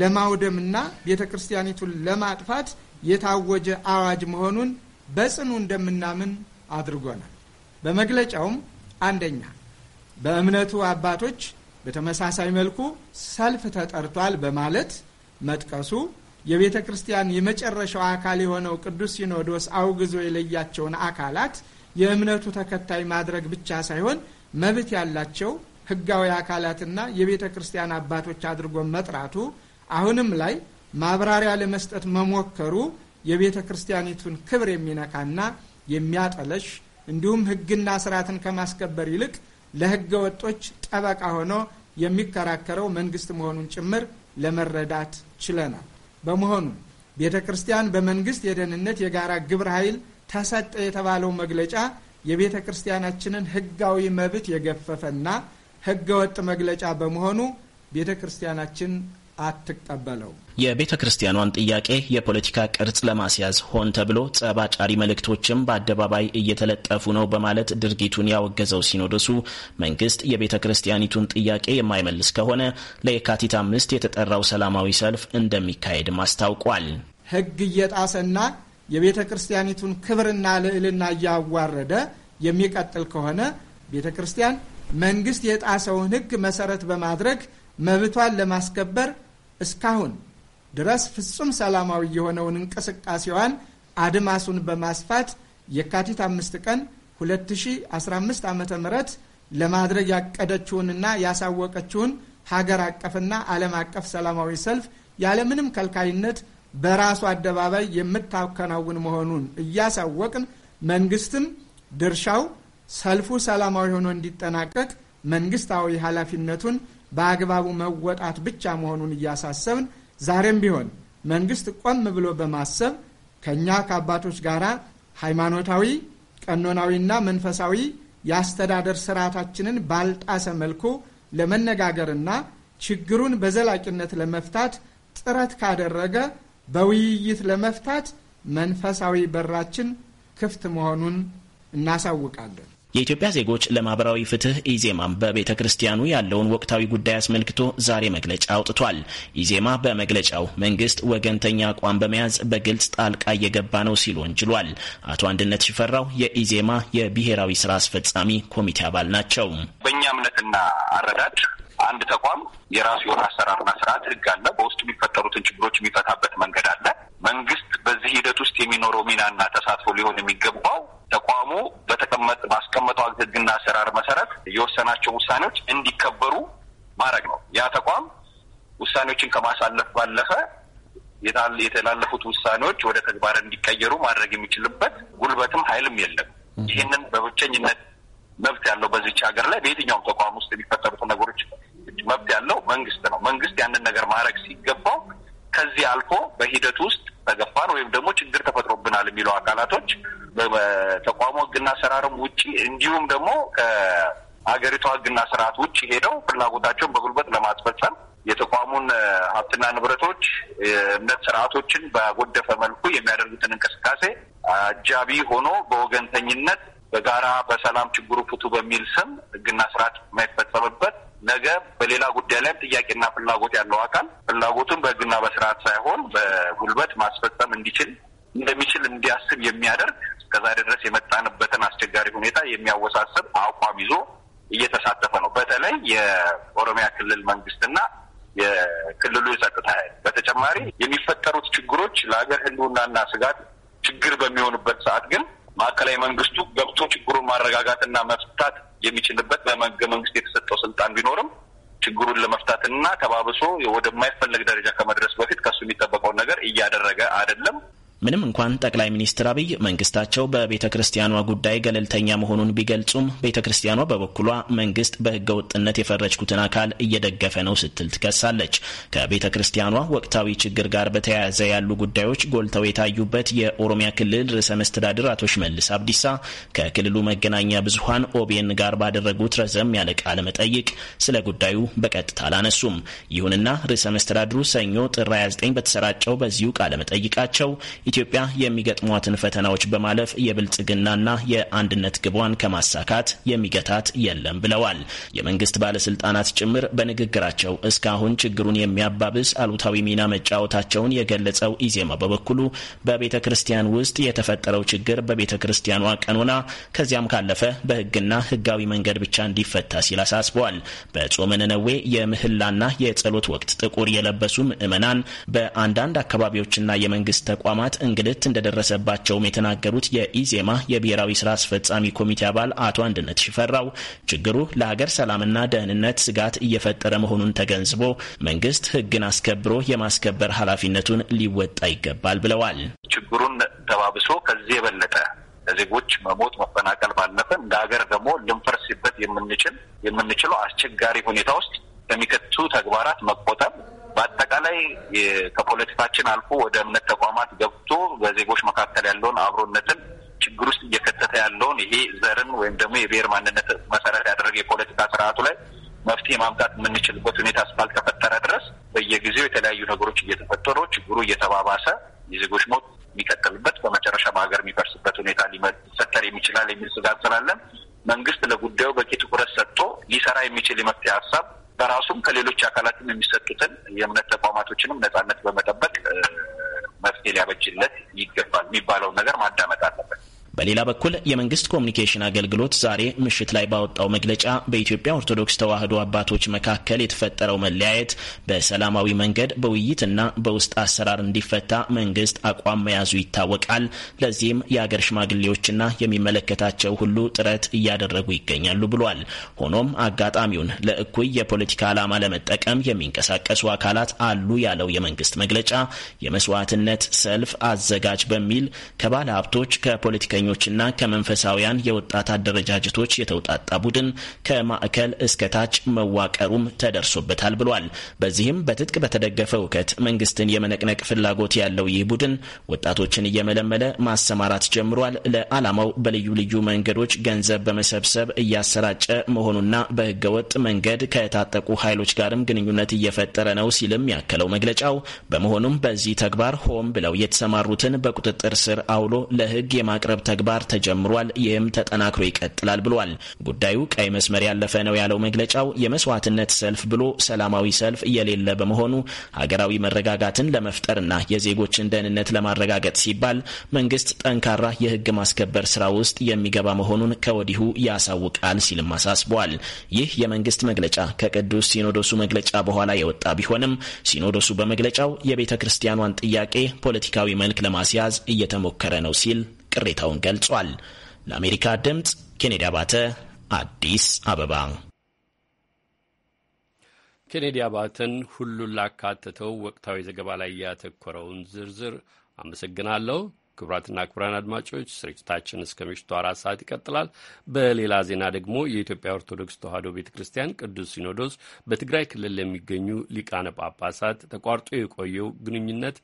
ለማውደምና ቤተ ክርስቲያኒቱን ለማጥፋት የታወጀ አዋጅ መሆኑን በጽኑ እንደምናምን አድርጎናል። በመግለጫውም አንደኛ በእምነቱ አባቶች በተመሳሳይ መልኩ ሰልፍ ተጠርቷል በማለት መጥቀሱ የቤተ ክርስቲያን የመጨረሻው አካል የሆነው ቅዱስ ሲኖዶስ አውግዞ የለያቸውን አካላት የእምነቱ ተከታይ ማድረግ ብቻ ሳይሆን መብት ያላቸው ህጋዊ አካላትና የቤተ ክርስቲያን አባቶች አድርጎ መጥራቱ አሁንም ላይ ማብራሪያ ለመስጠት መሞከሩ የቤተ ክርስቲያኒቱን ክብር የሚነካና የሚያጠለሽ እንዲሁም ህግና ስርዓትን ከማስከበር ይልቅ ለህገ ወጦች ጠበቃ ሆኖ የሚከራከረው መንግስት መሆኑን ጭምር ለመረዳት ችለናል። በመሆኑ ቤተ ክርስቲያን በመንግስት የደህንነት የጋራ ግብረ ኃይል ተሰጠ የተባለው መግለጫ የቤተ ክርስቲያናችንን ሕጋዊ መብት የገፈፈና ሕገወጥ መግለጫ በመሆኑ ቤተ ክርስቲያናችን አትቀበለው። የቤተ ክርስቲያኗን ጥያቄ የፖለቲካ ቅርጽ ለማስያዝ ሆን ተብሎ ጸባጫሪ መልእክቶችም በአደባባይ እየተለጠፉ ነው በማለት ድርጊቱን ያወገዘው ሲኖዶሱ መንግስት የቤተ ክርስቲያኒቱን ጥያቄ የማይመልስ ከሆነ ለየካቲት አምስት የተጠራው ሰላማዊ ሰልፍ እንደሚካሄድም አስታውቋል። ህግ እየጣሰና የቤተ ክርስቲያኒቱን ክብርና ልዕልና እያዋረደ የሚቀጥል ከሆነ ቤተ ክርስቲያን መንግስት የጣሰውን ሕግ መሰረት በማድረግ መብቷን ለማስከበር እስካሁን ድረስ ፍጹም ሰላማዊ የሆነውን እንቅስቃሴዋን አድማሱን በማስፋት የካቲት አምስት ቀን 2015 ዓ ም ለማድረግ ያቀደችውንና ያሳወቀችውን ሀገር አቀፍና ዓለም አቀፍ ሰላማዊ ሰልፍ ያለምንም ከልካይነት በራሱ አደባባይ የምታከናውን መሆኑን እያሳወቅን መንግስትም ድርሻው ሰልፉ ሰላማዊ ሆኖ እንዲጠናቀቅ መንግስታዊ ኃላፊነቱን በአግባቡ መወጣት ብቻ መሆኑን እያሳሰብን ዛሬም ቢሆን መንግስት ቆም ብሎ በማሰብ ከእኛ ከአባቶች ጋር ሃይማኖታዊ፣ ቀኖናዊና መንፈሳዊ የአስተዳደር ስርዓታችንን ባልጣሰ መልኩ ለመነጋገርና ችግሩን በዘላቂነት ለመፍታት ጥረት ካደረገ በውይይት ለመፍታት መንፈሳዊ በራችን ክፍት መሆኑን እናሳውቃለን። የኢትዮጵያ ዜጎች ለማህበራዊ ፍትህ ኢዜማም በቤተ ክርስቲያኑ ያለውን ወቅታዊ ጉዳይ አስመልክቶ ዛሬ መግለጫ አውጥቷል። ኢዜማ በመግለጫው መንግስት ወገንተኛ አቋም በመያዝ በግልጽ ጣልቃ እየገባ ነው ሲል ወንጅሏል። አቶ አንድነት ሽፈራው የኢዜማ የብሔራዊ ስራ አስፈጻሚ ኮሚቴ አባል ናቸው። በእኛ እምነትና አረዳድ አንድ ተቋም የራሱ የሆነ አሰራርና ስርዓት ህግ አለ። በውስጡ የሚፈጠሩትን ችግሮች የሚፈታበት መንገድ አለ። መንግስት በዚህ ሂደት ውስጥ የሚኖረው ሚናና ተሳትፎ ሊሆን የሚገባው ተቋሙ በተቀመጥ ባስቀመጠው ህግና አሰራር መሰረት የወሰናቸው ውሳኔዎች እንዲከበሩ ማድረግ ነው። ያ ተቋም ውሳኔዎችን ከማሳለፍ ባለፈ የተላለፉት ውሳኔዎች ወደ ተግባር እንዲቀየሩ ማድረግ የሚችልበት ጉልበትም ኃይልም የለም። ይህንን በብቸኝነት መብት ያለው በዚች ሀገር ላይ በየትኛውም ተቋም ውስጥ የሚፈጠሩት ነገሮች መብት ያለው መንግስት ነው። መንግስት ያንን ነገር ማድረግ ሲገባው ከዚህ አልፎ በሂደት ውስጥ ተገፋን ወይም ደግሞ ችግር ተፈጥሮብናል የሚለው አካላቶች በተቋሙ ህግና አሰራርም ውጭ እንዲሁም ደግሞ ከሀገሪቷ ህግና ስርዓት ውጭ ሄደው ፍላጎታቸውን በጉልበት ለማስፈጸም የተቋሙን ሀብትና ንብረቶች፣ የእምነት ስርዓቶችን በጎደፈ መልኩ የሚያደርጉትን እንቅስቃሴ አጃቢ ሆኖ በወገንተኝነት በጋራ በሰላም ችግሩ ፍቱ በሚል ስም ህግና ስርዓት የማይፈጸምበት ነገ በሌላ ጉዳይ ላይም ጥያቄና ፍላጎት ያለው አካል ፍላጎቱን በህግና በስርዓት ሳይሆን በጉልበት ማስፈጸም እንዲችል እንደሚችል እንዲያስብ የሚያደርግ እስከዛሬ ድረስ የመጣንበትን አስቸጋሪ ሁኔታ የሚያወሳስብ አቋም ይዞ እየተሳተፈ ነው። በተለይ የኦሮሚያ ክልል መንግስትና የክልሉ የጸጥታ ኃይል በተጨማሪ የሚፈጠሩት ችግሮች ለሀገር ህልውናና ስጋት ችግር በሚሆኑበት ሰዓት ግን ማዕከላዊ መንግስቱ ገብቶ ችግሩን ማረጋጋትና መፍታት የሚችልበት በህገ መንግስት የተሰጠው ስልጣን ቢኖርም ችግሩን ለመፍታትና ተባብሶ ወደማይፈለግ ደረጃ ከመድረስ በፊት ከሱ የሚጠበቀውን ነገር እያደረገ አይደለም። ምንም እንኳን ጠቅላይ ሚኒስትር አብይ መንግስታቸው በቤተ ክርስቲያኗ ጉዳይ ገለልተኛ መሆኑን ቢገልጹም ቤተ ክርስቲያኗ በበኩሏ መንግስት በህገ ወጥነት የፈረጅኩትን አካል እየደገፈ ነው ስትል ትከሳለች። ከቤተ ክርስቲያኗ ወቅታዊ ችግር ጋር በተያያዘ ያሉ ጉዳዮች ጎልተው የታዩበት የኦሮሚያ ክልል ርዕሰ መስተዳድር አቶ ሽመልስ አብዲሳ ከክልሉ መገናኛ ብዙሀን ኦቤን ጋር ባደረጉት ረዘም ያለ ቃለ መጠይቅ ስለ ጉዳዩ በቀጥታ አላነሱም። ይሁንና ርዕሰ መስተዳድሩ ሰኞ ጥር 29 በተሰራጨው በዚሁ ቃለ መጠይቃቸው ኢትዮጵያ የሚገጥሟትን ፈተናዎች በማለፍ የብልጽግናና የአንድነት ግቧን ከማሳካት የሚገታት የለም ብለዋል። የመንግስት ባለስልጣናት ጭምር በንግግራቸው እስካሁን ችግሩን የሚያባብስ አሉታዊ ሚና መጫወታቸውን የገለጸው ኢዜማ በበኩሉ በቤተ ክርስቲያን ውስጥ የተፈጠረው ችግር በቤተ ክርስቲያኗ ቀኖና ከዚያም ካለፈ በህግና ህጋዊ መንገድ ብቻ እንዲፈታ ሲል አሳስበዋል። በጾመ ነነዌ የምህላና የጸሎት ወቅት ጥቁር የለበሱ ምዕመናን በአንዳንድ አካባቢዎችና የመንግስት ተቋማት እንግልት እንደደረሰባቸውም የተናገሩት የኢዜማ የብሔራዊ ስራ አስፈጻሚ ኮሚቴ አባል አቶ አንድነት ሽፈራው ችግሩ ለሀገር ሰላምና ደህንነት ስጋት እየፈጠረ መሆኑን ተገንዝቦ መንግስት ህግን አስከብሮ የማስከበር ኃላፊነቱን ሊወጣ ይገባል ብለዋል። ችግሩን ተባብሶ ከዚህ የበለጠ ለዜጎች መሞት መፈናቀል ባለፈ እንደ ሀገር ደግሞ ልንፈርስበት የምንችል የምንችለው አስቸጋሪ ሁኔታ ውስጥ ከሚከቱ ተግባራት መቆጠብ በአጠቃላይ ከፖለቲካችን አልፎ ወደ እምነት ተቋማት ገብቶ በዜጎች መካከል ያለውን አብሮነትን ችግር ውስጥ እየከተተ ያለውን ይሄ ዘርን ወይም ደግሞ የብሔር ማንነት መሰረት ያደረገ የፖለቲካ ስርዓቱ ላይ መፍትሄ ማምጣት የምንችልበት ሁኔታ እስካልተፈጠረ ድረስ በየጊዜው የተለያዩ ነገሮች እየተፈጠሩ ችግሩ እየተባባሰ የዜጎች ሞት የሚቀጥልበት በመጨረሻ በሀገር የሚፈርስበት ሁኔታ ሊፈጠር የሚችላል የሚል ስጋት ስላለን መንግስት ለጉዳዩ በቂ ትኩረት ሰጥቶ ሊሰራ የሚችል የመፍትሄ ሀሳብ በራሱም ከሌሎች አካላትም የሚሰጡትን የእምነት ተቋማቶችንም ነጻነት በመጠበቅ መፍትሄ ሊያበጅለት ይገባል የሚባለውን ነገር ማዳመጥ አለበት። በሌላ በኩል የመንግስት ኮሚኒኬሽን አገልግሎት ዛሬ ምሽት ላይ ባወጣው መግለጫ በኢትዮጵያ ኦርቶዶክስ ተዋህዶ አባቶች መካከል የተፈጠረው መለያየት በሰላማዊ መንገድ በውይይትና በውስጥ አሰራር እንዲፈታ መንግስት አቋም መያዙ ይታወቃል። ለዚህም የአገር ሽማግሌዎችና የሚመለከታቸው ሁሉ ጥረት እያደረጉ ይገኛሉ ብሏል። ሆኖም አጋጣሚውን ለእኩይ የፖለቲካ ዓላማ ለመጠቀም የሚንቀሳቀሱ አካላት አሉ ያለው የመንግስት መግለጫ የመስዋዕትነት ሰልፍ አዘጋጅ በሚል ከባለ ሀብቶች ከፖለቲከኛ ከሰራተኞችና ከመንፈሳውያን የወጣት አደረጃጀቶች የተውጣጣ ቡድን ከማዕከል እስከ ታች መዋቀሩም ተደርሶበታል ብሏል። በዚህም በትጥቅ በተደገፈ እውከት መንግስትን የመነቅነቅ ፍላጎት ያለው ይህ ቡድን ወጣቶችን እየመለመለ ማሰማራት ጀምሯል። ለዓላማው በልዩ ልዩ መንገዶች ገንዘብ በመሰብሰብ እያሰራጨ መሆኑና በህገወጥ መንገድ ከታጠቁ ኃይሎች ጋርም ግንኙነት እየፈጠረ ነው ሲልም ያከለው መግለጫው በመሆኑም በዚህ ተግባር ሆም ብለው የተሰማሩትን በቁጥጥር ስር አውሎ ለህግ የማቅረብ ተግባር ተጀምሯል፣ ይህም ተጠናክሮ ይቀጥላል ብሏል። ጉዳዩ ቀይ መስመር ያለፈ ነው ያለው መግለጫው የመስዋዕትነት ሰልፍ ብሎ ሰላማዊ ሰልፍ የሌለ በመሆኑ ሀገራዊ መረጋጋትን ለመፍጠርና የዜጎችን ደህንነት ለማረጋገጥ ሲባል መንግስት ጠንካራ የህግ ማስከበር ስራ ውስጥ የሚገባ መሆኑን ከወዲሁ ያሳውቃል ሲልም አሳስቧል። ይህ የመንግስት መግለጫ ከቅዱስ ሲኖዶሱ መግለጫ በኋላ የወጣ ቢሆንም ሲኖዶሱ በመግለጫው የቤተ ክርስቲያኗን ጥያቄ ፖለቲካዊ መልክ ለማስያዝ እየተሞከረ ነው ሲል ቅሬታውን ገልጿል። ለአሜሪካ ድምፅ ኬኔዲ አባተ አዲስ አበባ። ኬኔዲ አባተን ሁሉን ላካተተው ወቅታዊ ዘገባ ላይ ያተኮረውን ዝርዝር አመሰግናለሁ። ክቡራትና ክቡራን አድማጮች ስርጭታችን እስከ ምሽቱ አራት ሰዓት ይቀጥላል። በሌላ ዜና ደግሞ የኢትዮጵያ ኦርቶዶክስ ተዋሕዶ ቤተ ክርስቲያን ቅዱስ ሲኖዶስ በትግራይ ክልል ለሚገኙ ሊቃነ ጳጳሳት ተቋርጦ የቆየው ግንኙነት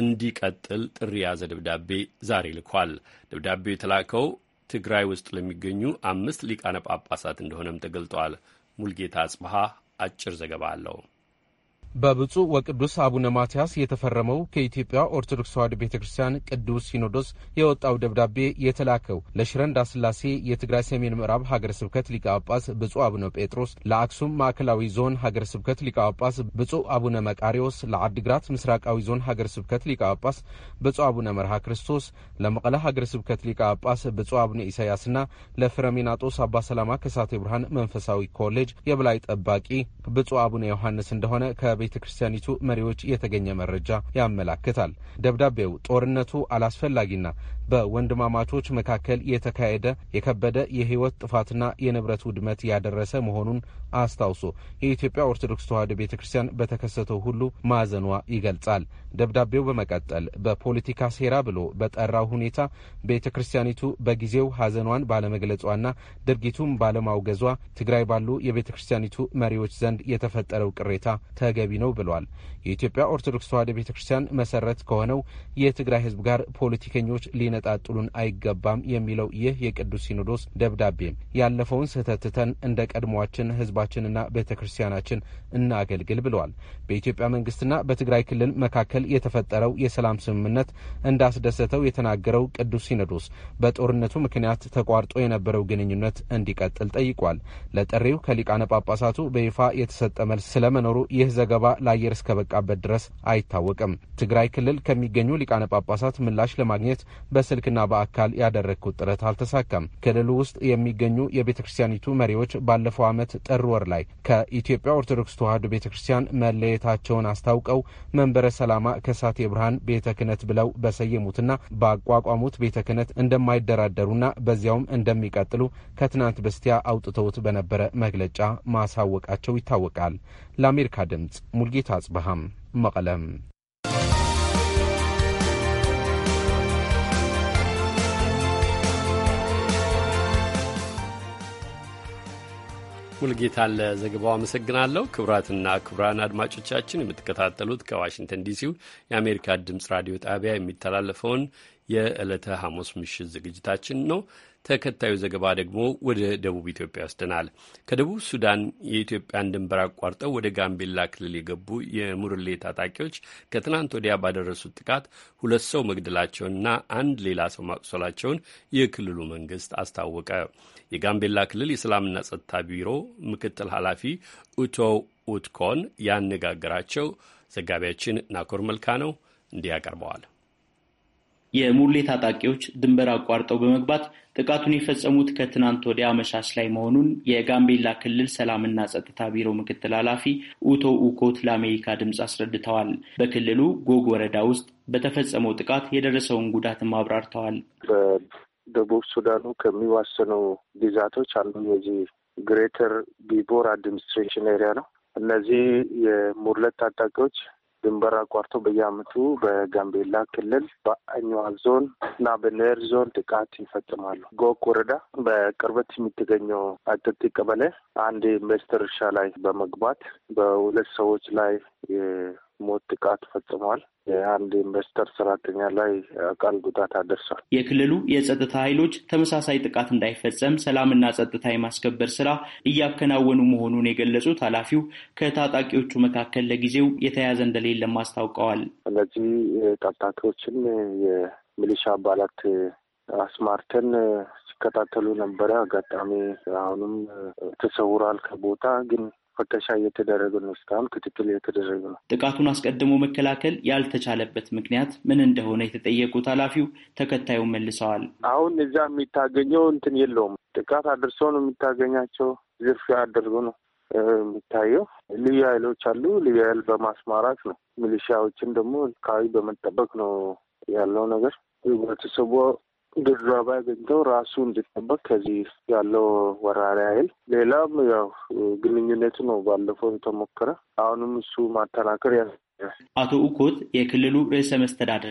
እንዲቀጥል ጥሪ የያዘ ደብዳቤ ዛሬ ልኳል። ደብዳቤው የተላከው ትግራይ ውስጥ ለሚገኙ አምስት ሊቃነ ጳጳሳት እንደሆነም ተገልጠዋል። ሙልጌታ አጽብሃ አጭር ዘገባ አለው። በብፁዕ ወቅዱስ አቡነ ማትያስ የተፈረመው ከኢትዮጵያ ኦርቶዶክስ ተዋሕዶ ቤተ ክርስቲያን ቅዱስ ሲኖዶስ የወጣው ደብዳቤ የተላከው ለሽረ እንዳስላሴ የትግራይ ሰሜን ምዕራብ ሀገረ ስብከት ሊቀ ጳጳስ ብፁዕ አቡነ ጴጥሮስ፣ ለአክሱም ማዕከላዊ ዞን ሀገረ ስብከት ሊቀ ጳጳስ ብፁዕ አቡነ መቃሪዎስ፣ ለአድግራት ምስራቃዊ ዞን ሀገረ ስብከት ሊቀ ጳጳስ ብፁዕ አቡነ መርሃ ክርስቶስ፣ ለመቀለ ሀገረ ስብከት ሊቀ ጳጳስ ብፁዕ አቡነ ኢሳያስና ለፍረሚናጦስ አባ ሰላማ ከሳቴ ብርሃን መንፈሳዊ ኮሌጅ የበላይ ጠባቂ ብፁዕ አቡነ ዮሐንስ እንደሆነ ከቤ ቤተ ክርስቲያኒቱ መሪዎች የተገኘ መረጃ ያመላክታል። ደብዳቤው ጦርነቱ አላስፈላጊና በወንድማማቾች መካከል የተካሄደ የከበደ የህይወት ጥፋትና የንብረት ውድመት ያደረሰ መሆኑን አስታውሶ የኢትዮጵያ ኦርቶዶክስ ተዋሕዶ ቤተ ክርስቲያን በተከሰተው ሁሉ ማዘኗ ይገልጻል። ደብዳቤው በመቀጠል በፖለቲካ ሴራ ብሎ በጠራው ሁኔታ ቤተ ክርስቲያኒቱ በጊዜው ሀዘኗን ባለመግለጿና ድርጊቱም ባለማውገዟ ትግራይ ባሉ የቤተ ክርስቲያኒቱ መሪዎች ዘንድ የተፈጠረው ቅሬታ ተገቢ ነው ብሏል። የኢትዮጵያ ኦርቶዶክስ ተዋሕዶ ቤተ ክርስቲያን መሰረት ከሆነው የትግራይ ህዝብ ጋር ፖለቲከኞች ሊ ሊያነጣጥሉን አይገባም የሚለው ይህ የቅዱስ ሲኖዶስ ደብዳቤ ያለፈውን ስህተት ትተን እንደ ቀድሞዋችን ህዝባችንና ቤተ ክርስቲያናችን እናገልግል ብለዋል። በኢትዮጵያ መንግስትና በትግራይ ክልል መካከል የተፈጠረው የሰላም ስምምነት እንዳስደሰተው የተናገረው ቅዱስ ሲኖዶስ በጦርነቱ ምክንያት ተቋርጦ የነበረው ግንኙነት እንዲቀጥል ጠይቋል። ለጥሪው ከሊቃነ ጳጳሳቱ በይፋ የተሰጠ መልስ ስለመኖሩ ይህ ዘገባ ለአየር እስከበቃበት ድረስ አይታወቅም። ትግራይ ክልል ከሚገኙ ሊቃነ ጳጳሳት ምላሽ ለማግኘት በ በስልክና በአካል ያደረግኩት ጥረት አልተሳካም። ክልሉ ውስጥ የሚገኙ የቤተ ክርስቲያኒቱ መሪዎች ባለፈው ዓመት ጥር ወር ላይ ከኢትዮጵያ ኦርቶዶክስ ተዋሕዶ ቤተ ክርስቲያን መለየታቸውን አስታውቀው መንበረ ሰላማ ከሳቴ ብርሃን ቤተ ክህነት ብለው በሰየሙትና ባቋቋሙት ቤተ ክህነት እንደማይደራደሩና በዚያውም እንደሚቀጥሉ ከትናንት በስቲያ አውጥተውት በነበረ መግለጫ ማሳወቃቸው ይታወቃል። ለአሜሪካ ድምጽ ሙልጌታ አጽበሃም መቀለም ሙልጌታን ለዘገባው አመሰግናለሁ። ክቡራትና ክቡራን አድማጮቻችን የምትከታተሉት ከዋሽንግተን ዲሲው የአሜሪካ ድምፅ ራዲዮ ጣቢያ የሚተላለፈውን የዕለተ ሐሙስ ምሽት ዝግጅታችን ነው። ተከታዩ ዘገባ ደግሞ ወደ ደቡብ ኢትዮጵያ ይወስደናል። ከደቡብ ሱዳን የኢትዮጵያን ድንበር አቋርጠው ወደ ጋምቤላ ክልል የገቡ የሙርሌ ታጣቂዎች ከትናንት ወዲያ ባደረሱት ጥቃት ሁለት ሰው መግደላቸውንና አንድ ሌላ ሰው ማቁሰላቸውን የክልሉ መንግስት አስታወቀ። የጋምቤላ ክልል የሰላምና ጸጥታ ቢሮ ምክትል ኃላፊ ኡቶ ኡትኮን ያነጋገራቸው ዘጋቢያችን ናኮር መልካ ነው። እንዲህ ያቀርበዋል። የሙሌ ታጣቂዎች ድንበር አቋርጠው በመግባት ጥቃቱን የፈጸሙት ከትናንት ወዲያ አመሻሽ ላይ መሆኑን የጋምቤላ ክልል ሰላምና ጸጥታ ቢሮ ምክትል ኃላፊ ኡቶ ኡኮት ለአሜሪካ ድምፅ አስረድተዋል። በክልሉ ጎግ ወረዳ ውስጥ በተፈጸመው ጥቃት የደረሰውን ጉዳትም አብራርተዋል። በደቡብ ሱዳኑ ከሚዋሰኑ ግዛቶች አንዱ የዚህ ግሬተር ቢቦር አድሚኒስትሬሽን ኤሪያ ነው። እነዚህ የሙርለት ታጣቂዎች ድንበር አቋርቶ በየአመቱ በጋምቤላ ክልል በአኝዋብ ዞን እና በኑዌር ዞን ጥቃት ይፈጽማሉ። ጎክ ወረዳ በቅርበት የምትገኘው አጥቲ ቀበሌ አንድ ኢንቨስተር እርሻ ላይ በመግባት በሁለት ሰዎች ላይ ሞት ጥቃት ፈጽመዋል። የአንድ ኢንቨስተር ሰራተኛ ላይ አካል ጉዳት አደርሷል። የክልሉ የጸጥታ ኃይሎች ተመሳሳይ ጥቃት እንዳይፈጸም ሰላምና ጸጥታ የማስከበር ስራ እያከናወኑ መሆኑን የገለጹት ኃላፊው ከታጣቂዎቹ መካከል ለጊዜው የተያዘ እንደሌለም አስታውቀዋል። እነዚህ ታጣቂዎችን የሚሊሻ አባላት አስማርተን ሲከታተሉ ነበረ። አጋጣሚ አሁንም ተሰውሯል ከቦታ ግን ፍተሻ እየተደረገ ነው። እስካሁን ክትትል እየተደረገ ነው። ጥቃቱን አስቀድሞ መከላከል ያልተቻለበት ምክንያት ምን እንደሆነ የተጠየቁት ኃላፊው ተከታዩን መልሰዋል። አሁን እዛ የሚታገኘው እንትን የለውም። ጥቃት አድርሶ ነው የሚታገኛቸው። ዝርፊያ አድርጎ ነው የሚታየው። ልዩ ኃይሎች አሉ። ልዩ ኃይል በማስማራት ነው። ሚሊሻዎችን ደግሞ አካባቢ በመጠበቅ ነው ያለው ነገር ህብረተሰቡ ግዛባ አግኝተው ራሱ እንዲጠበቅ ከዚህ ያለው ወራሪ ኃይል ሌላም ያው ግንኙነቱ ነው ባለፈው የተሞከረ አሁንም እሱ ማጠናከር ያ አቶ ኡኮት የክልሉ ርዕሰ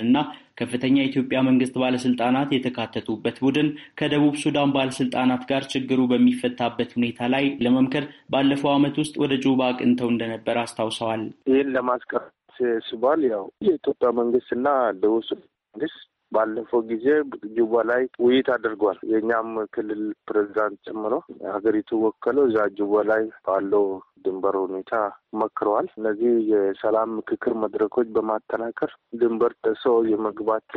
እና ከፍተኛ የኢትዮጵያ መንግስት ባለስልጣናት የተካተቱበት ቡድን ከደቡብ ሱዳን ባለስልጣናት ጋር ችግሩ በሚፈታበት ሁኔታ ላይ ለመምከር ባለፈው ዓመት ውስጥ ወደ ጁባ አቅንተው እንደነበር አስታውሰዋል። ይህን ለማስቀረት ሲባል ያው የኢትዮጵያ መንግስትና ደቡብ ሱዳን መንግስት ባለፈው ጊዜ ጅዋ ላይ ውይይት አድርጓል። የእኛም ክልል ፕሬዚዳንት ጨምሮ ሀገሪቱ ወከለው እዛ ጅዋ ላይ ባለው ድንበር ሁኔታ መክረዋል። እነዚህ የሰላም ምክክር መድረኮች በማጠናከር ድንበር ጥሰው የመግባት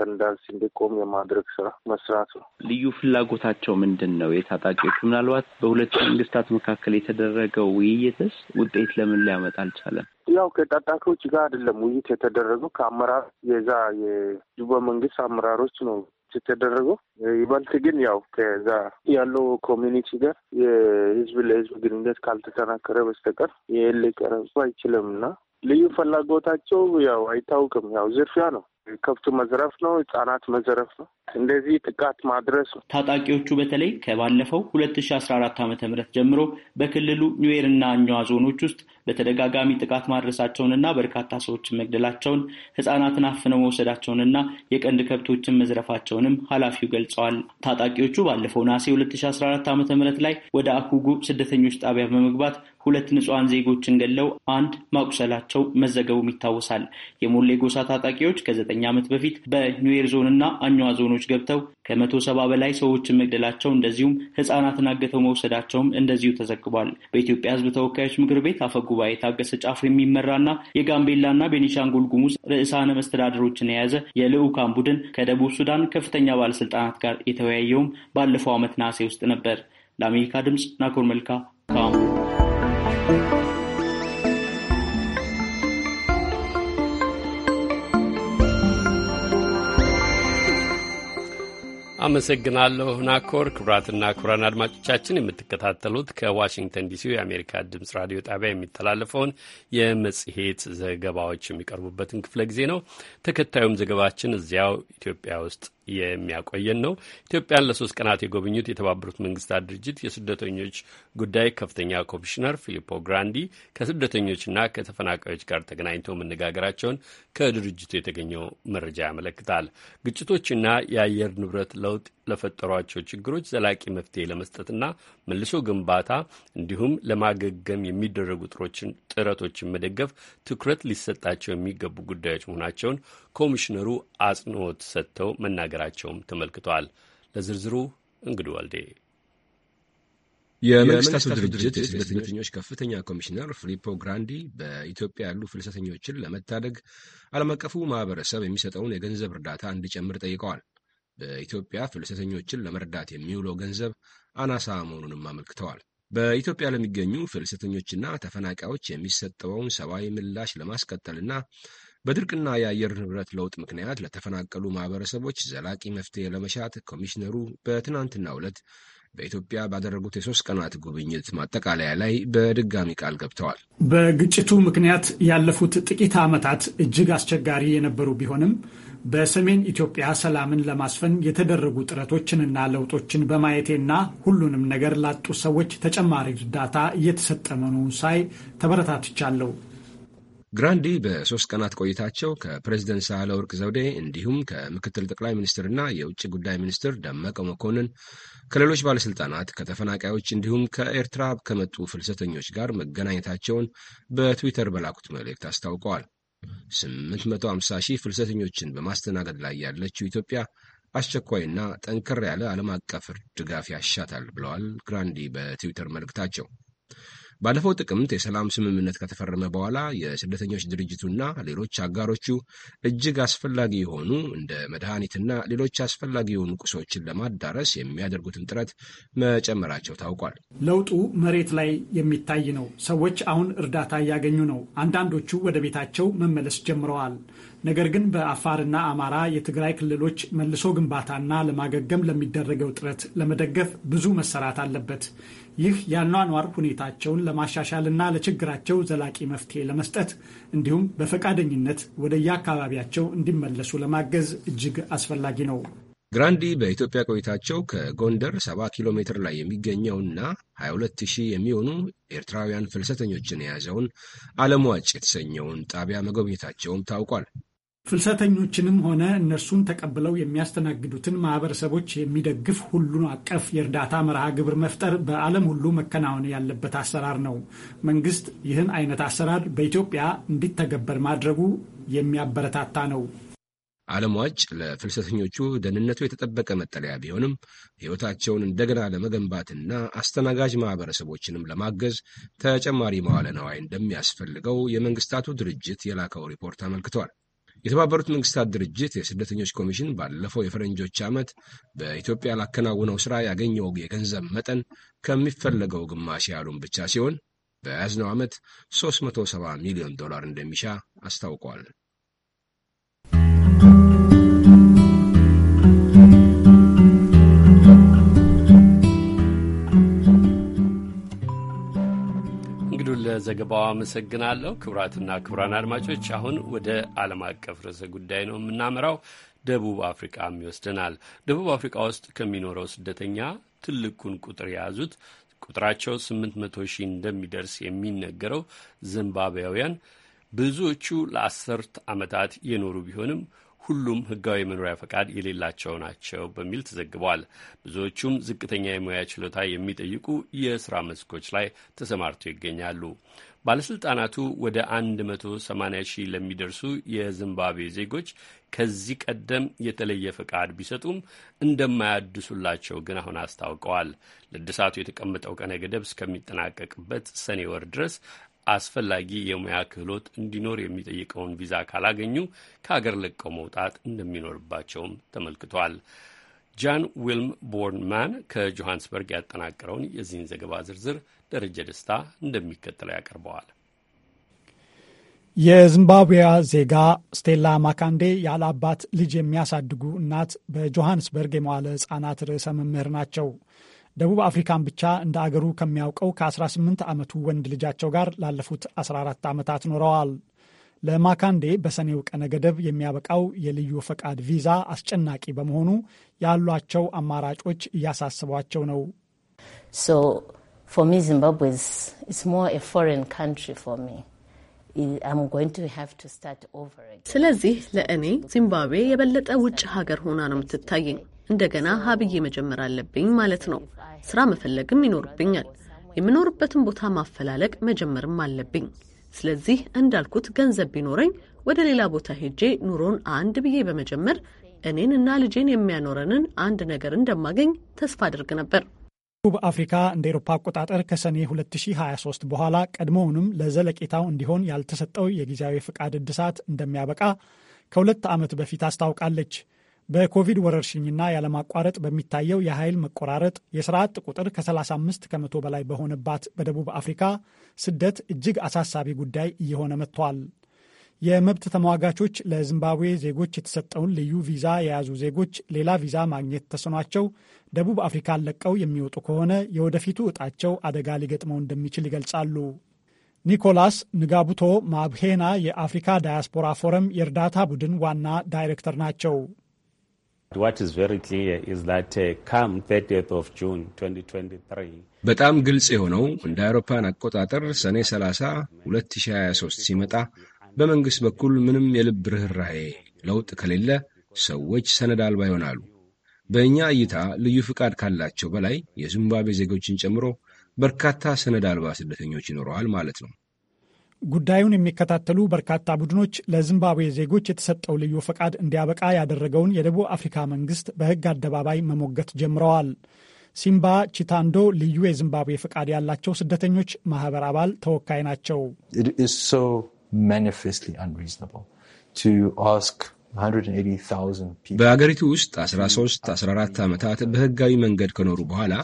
ተንዳንስ እንዲቆም የማድረግ ስራ መስራት ነው። ልዩ ፍላጎታቸው ምንድን ነው? የታጣቂዎቹ ምናልባት በሁለቱ መንግስታት መካከል የተደረገው ውይይትስ ውጤት ለምን ሊያመጣ አልቻለም? ያው ከጣጣፊዎች ጋር አይደለም ውይይት የተደረገው ከአመራር የዛ የጁባ መንግስት አመራሮች ነው የተደረገው። ይበልጥ ግን ያው ከዛ ያለው ኮሚኒቲ ጋር የህዝብ ለህዝብ ግንኙነት ካልተጠናከረ በስተቀር ይህን ሊቀረጹ አይችልም እና ልዩ ፍላጎታቸው ያው አይታወቅም። ያው ዝርፊያ ነው፣ ከብቱ መዝረፍ ነው፣ ህጻናት መዘረፍ ነው። እንደዚህ ጥቃት ማድረስ ታጣቂዎቹ በተለይ ከባለፈው 2014 ዓ ም ጀምሮ በክልሉ ኒዌርና እኛዋ ዞኖች ውስጥ በተደጋጋሚ ጥቃት ማድረሳቸውንና በርካታ ሰዎችን መግደላቸውን፣ ህጻናትን አፍነው መውሰዳቸውንና የቀንድ ከብቶችን መዝረፋቸውንም ኃላፊው ገልጸዋል። ታጣቂዎቹ ባለፈው ነሐሴ 2014 ዓ ም ላይ ወደ አኩጉ ስደተኞች ጣቢያ በመግባት ሁለት ንጹሐን ዜጎችን ገለው አንድ ማቁሰላቸው መዘገቡም ይታወሳል። የሞሌ ጎሳ ታጣቂዎች ከዘጠኝ ዓመት በፊት በኒዌር ዞንና አኛዋ ዞኖ ሳጥኖች ገብተው ከመቶ ሰባ በላይ ሰዎችን መግደላቸው እንደዚሁም ህጻናትን አገተው መውሰዳቸውም እንደዚሁ ተዘግቧል። በኢትዮጵያ ህዝብ ተወካዮች ምክር ቤት አፈ ጉባኤ ታገሰ ጫፉ የሚመራና የጋምቤላና ቤኒሻንጉል ጉሙዝ ርዕሳነ መስተዳደሮችን የያዘ የልዑካን ቡድን ከደቡብ ሱዳን ከፍተኛ ባለስልጣናት ጋር የተወያየውም ባለፈው ዓመት ነሐሴ ውስጥ ነበር። ለአሜሪካ ድምፅ ናኮር መልካ ካሙ አመሰግናለሁ ናኮር። ክቡራትና ክቡራን አድማጮቻችን የምትከታተሉት ከዋሽንግተን ዲሲ የአሜሪካ ድምፅ ራዲዮ ጣቢያ የሚተላለፈውን የመጽሔት ዘገባዎች የሚቀርቡበትን ክፍለ ጊዜ ነው። ተከታዩም ዘገባችን እዚያው ኢትዮጵያ ውስጥ የሚያቆየን ነው። ኢትዮጵያን ለሶስት ቀናት የጎበኙት የተባበሩት መንግስታት ድርጅት የስደተኞች ጉዳይ ከፍተኛ ኮሚሽነር ፊሊፖ ግራንዲ ከስደተኞችና ከተፈናቃዮች ጋር ተገናኝተው መነጋገራቸውን ከድርጅቱ የተገኘው መረጃ ያመለክታል። ግጭቶችና የአየር ንብረት ለውጥ ለፈጠሯቸው ችግሮች ዘላቂ መፍትሄ ለመስጠትና መልሶ ግንባታ እንዲሁም ለማገገም የሚደረጉ ጥረቶችን መደገፍ ትኩረት ሊሰጣቸው የሚገቡ ጉዳዮች መሆናቸውን ኮሚሽነሩ አጽንኦት ሰጥተው መናገራቸውም ተመልክቷል። ለዝርዝሩ እንግዱ ወልዴ የመንግስታቱ ድርጅት የስደተኞች ከፍተኛ ኮሚሽነር ፊሊፖ ግራንዲ በኢትዮጵያ ያሉ ፍልሰተኞችን ለመታደግ ዓለም አቀፉ ማህበረሰብ የሚሰጠውን የገንዘብ እርዳታ እንዲጨምር ጠይቀዋል። በኢትዮጵያ ፍልሰተኞችን ለመርዳት የሚውለው ገንዘብ አናሳ መሆኑንም አመልክተዋል። በኢትዮጵያ ለሚገኙ ፍልሰተኞችና ተፈናቃዮች የሚሰጠውን ሰብአዊ ምላሽ ለማስቀጠልና በድርቅና የአየር ንብረት ለውጥ ምክንያት ለተፈናቀሉ ማህበረሰቦች ዘላቂ መፍትሄ ለመሻት ኮሚሽነሩ በትናንትናው ዕለት በኢትዮጵያ ባደረጉት የሶስት ቀናት ጉብኝት ማጠቃለያ ላይ በድጋሚ ቃል ገብተዋል። በግጭቱ ምክንያት ያለፉት ጥቂት ዓመታት እጅግ አስቸጋሪ የነበሩ ቢሆንም በሰሜን ኢትዮጵያ ሰላምን ለማስፈን የተደረጉ ጥረቶችንና ለውጦችን በማየቴና ሁሉንም ነገር ላጡ ሰዎች ተጨማሪ እርዳታ እየተሰጠ መሆኑን ሳይ ተበረታትቻለሁ። ግራንዲ በሦስት ቀናት ቆይታቸው ከፕሬዝደንት ወርቅ ዘውዴ እንዲሁም ከምክትል ጠቅላይ ሚኒስትርና የውጭ ጉዳይ ሚኒስትር ደመቀ መኮንን ከሌሎች ባለሥልጣናት ከተፈናቃዮች እንዲሁም ከኤርትራ ከመጡ ፍልሰተኞች ጋር መገናኘታቸውን በትዊተር በላኩት መልእክት አስታውቀዋል። 850 ሺህ ፍልሰተኞችን በማስተናገድ ላይ ያለችው ኢትዮጵያ አስቸኳይና ጠንከር ያለ ዓለም አቀፍ ድጋፍ ያሻታል ብለዋል ግራንዲ በትዊተር መልእክታቸው። ባለፈው ጥቅምት የሰላም ስምምነት ከተፈረመ በኋላ የስደተኞች ድርጅቱና ሌሎች አጋሮቹ እጅግ አስፈላጊ የሆኑ እንደ መድኃኒትና ሌሎች አስፈላጊ የሆኑ ቁሶችን ለማዳረስ የሚያደርጉትን ጥረት መጨመራቸው ታውቋል። ለውጡ መሬት ላይ የሚታይ ነው። ሰዎች አሁን እርዳታ እያገኙ ነው። አንዳንዶቹ ወደ ቤታቸው መመለስ ጀምረዋል። ነገር ግን በአፋርና አማራ የትግራይ ክልሎች መልሶ ግንባታና ለማገገም ለሚደረገው ጥረት ለመደገፍ ብዙ መሰራት አለበት። ይህ የአኗኗር ሁኔታቸውን ለማሻሻልና ለችግራቸው ዘላቂ መፍትሄ ለመስጠት እንዲሁም በፈቃደኝነት ወደየአካባቢያቸው እንዲመለሱ ለማገዝ እጅግ አስፈላጊ ነው። ግራንዲ በኢትዮጵያ ቆይታቸው ከጎንደር 70 ኪሎ ሜትር ላይ የሚገኘውና 220 የሚሆኑ ኤርትራውያን ፍልሰተኞችን የያዘውን ዓለም ዋጭ የተሰኘውን ጣቢያ መጎብኘታቸውም ታውቋል። ፍልሰተኞችንም ሆነ እነርሱን ተቀብለው የሚያስተናግዱትን ማህበረሰቦች የሚደግፍ ሁሉን አቀፍ የእርዳታ መርሃ ግብር መፍጠር በዓለም ሁሉ መከናወን ያለበት አሰራር ነው። መንግስት ይህን አይነት አሰራር በኢትዮጵያ እንዲተገበር ማድረጉ የሚያበረታታ ነው። ዓለም ለፍልሰተኞቹ ደህንነቱ የተጠበቀ መጠለያ ቢሆንም ሕይወታቸውን እንደገና ለመገንባትና አስተናጋጅ ማህበረሰቦችንም ለማገዝ ተጨማሪ መዋለ ነዋይ እንደሚያስፈልገው የመንግስታቱ ድርጅት የላከው ሪፖርት አመልክቷል። የተባበሩት መንግስታት ድርጅት የስደተኞች ኮሚሽን ባለፈው የፈረንጆች ዓመት በኢትዮጵያ ላከናውነው ሥራ ያገኘው የገንዘብ መጠን ከሚፈለገው ግማሽ ያሉን ብቻ ሲሆን በያዝነው ዓመት 370 ሚሊዮን ዶላር እንደሚሻ አስታውቋል። ለዘገባው አመሰግናለሁ። ክቡራትና ክቡራን አድማጮች አሁን ወደ ዓለም አቀፍ ርዕሰ ጉዳይ ነው የምናመራው። ደቡብ አፍሪቃም ይወስደናል። ደቡብ አፍሪቃ ውስጥ ከሚኖረው ስደተኛ ትልቁን ቁጥር የያዙት ቁጥራቸው ስምንት መቶ ሺህ እንደሚደርስ የሚነገረው ዝምባብያውያን ብዙዎቹ ለአስርት ዓመታት የኖሩ ቢሆንም ሁሉም ህጋዊ መኖሪያ ፈቃድ የሌላቸው ናቸው በሚል ተዘግቧል። ብዙዎቹም ዝቅተኛ የሙያ ችሎታ የሚጠይቁ የስራ መስኮች ላይ ተሰማርተው ይገኛሉ። ባለስልጣናቱ ወደ 180 ሺህ ለሚደርሱ የዚምባብዌ ዜጎች ከዚህ ቀደም የተለየ ፈቃድ ቢሰጡም እንደማያድሱላቸው ግን አሁን አስታውቀዋል። ለእድሳቱ የተቀመጠው ቀነ ገደብ እስከሚጠናቀቅበት ሰኔ ወር ድረስ አስፈላጊ የሙያ ክህሎት እንዲኖር የሚጠይቀውን ቪዛ ካላገኙ ከአገር ለቀው መውጣት እንደሚኖርባቸውም ተመልክቷል። ጃን ዊልም ቦርንማን ከጆሃንስበርግ ያጠናቀረውን የዚህን ዘገባ ዝርዝር ደረጀ ደስታ እንደሚከተለው ያቀርበዋል። የዚምባብዌያ ዜጋ ስቴላ ማካንዴ ያለ አባት ልጅ የሚያሳድጉ እናት በጆሃንስበርግ የመዋለ ሕጻናት ርዕሰ መምህር ናቸው። ደቡብ አፍሪካን ብቻ እንደ አገሩ ከሚያውቀው ከ18 ዓመቱ ወንድ ልጃቸው ጋር ላለፉት 14 ዓመታት ኖረዋል። ለማካንዴ በሰኔው ቀነ ገደብ የሚያበቃው የልዩ ፈቃድ ቪዛ አስጨናቂ በመሆኑ ያሏቸው አማራጮች እያሳስቧቸው ነው። ስለዚህ ለእኔ ዚምባብዌ የበለጠ ውጭ ሀገር ሆና ነው የምትታየኝ። እንደገና ሀብዬ መጀመር አለብኝ ማለት ነው። ስራ መፈለግም ይኖርብኛል። የምኖርበትን ቦታ ማፈላለግ መጀመርም አለብኝ። ስለዚህ እንዳልኩት ገንዘብ ቢኖረኝ ወደ ሌላ ቦታ ሄጄ ኑሮን አንድ ብዬ በመጀመር እኔን እና ልጄን የሚያኖረንን አንድ ነገር እንደማገኝ ተስፋ አድርግ ነበር። ደቡብ አፍሪካ እንደ ኤሮፓ አቆጣጠር ከሰኔ 2023 በኋላ ቀድሞውንም ለዘለቄታው እንዲሆን ያልተሰጠው የጊዜያዊ ፍቃድ እድሳት እንደሚያበቃ ከሁለት ዓመት በፊት አስታውቃለች። በኮቪድ ወረርሽኝና ያለማቋረጥ በሚታየው የኃይል መቆራረጥ የስራ አጥ ቁጥር ከ35 ከመቶ በላይ በሆነባት በደቡብ አፍሪካ ስደት እጅግ አሳሳቢ ጉዳይ እየሆነ መጥቷል። የመብት ተሟጋቾች ለዚምባብዌ ዜጎች የተሰጠውን ልዩ ቪዛ የያዙ ዜጎች ሌላ ቪዛ ማግኘት ተስኗቸው ደቡብ አፍሪካን ለቀው የሚወጡ ከሆነ የወደፊቱ ዕጣቸው አደጋ ሊገጥመው እንደሚችል ይገልጻሉ። ኒኮላስ ንጋቡቶ ማብሄና የአፍሪካ ዳያስፖራ ፎረም የእርዳታ ቡድን ዋና ዳይሬክተር ናቸው። በጣም ግልጽ የሆነው እንደ አውሮፓን አቆጣጠር ሰኔ 30 2023 ሲመጣ በመንግሥት በኩል ምንም የልብ ርኅራኄ ለውጥ ከሌለ ሰዎች ሰነድ አልባ ይሆናሉ። በእኛ እይታ ልዩ ፍቃድ ካላቸው በላይ የዚምባብዌ ዜጎችን ጨምሮ በርካታ ሰነድ አልባ ስደተኞች ይኖረዋል ማለት ነው። ጉዳዩን የሚከታተሉ በርካታ ቡድኖች ለዚምባብዌ ዜጎች የተሰጠው ልዩ ፈቃድ እንዲያበቃ ያደረገውን የደቡብ አፍሪካ መንግስት በህግ አደባባይ መሞገት ጀምረዋል። ሲምባ ቺታንዶ ልዩ የዚምባብዌ ፈቃድ ያላቸው ስደተኞች ማህበር አባል ተወካይ ናቸው። በአገሪቱ ውስጥ 13 14 ዓመታት በህጋዊ መንገድ ከኖሩ በኋላ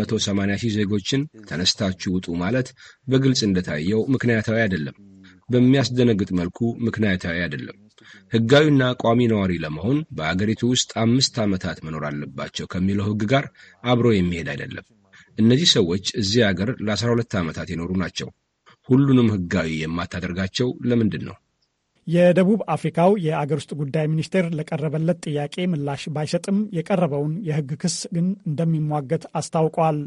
180 ሺህ ዜጎችን ተነስታችሁ ውጡ ማለት በግልጽ እንደታየው ምክንያታዊ አይደለም። በሚያስደነግጥ መልኩ ምክንያታዊ አይደለም። ህጋዊና ቋሚ ነዋሪ ለመሆን በአገሪቱ ውስጥ አምስት ዓመታት መኖር አለባቸው ከሚለው ህግ ጋር አብሮ የሚሄድ አይደለም። እነዚህ ሰዎች እዚህ አገር ለ12 ዓመታት የኖሩ ናቸው። ሁሉንም ህጋዊ የማታደርጋቸው ለምንድን ነው? የደቡብ አፍሪካው የአገር ውስጥ ጉዳይ ሚኒስቴር ለቀረበለት ጥያቄ ምላሽ ባይሰጥም የቀረበውን የሕግ ክስ ግን እንደሚሟገት አስታውቋል።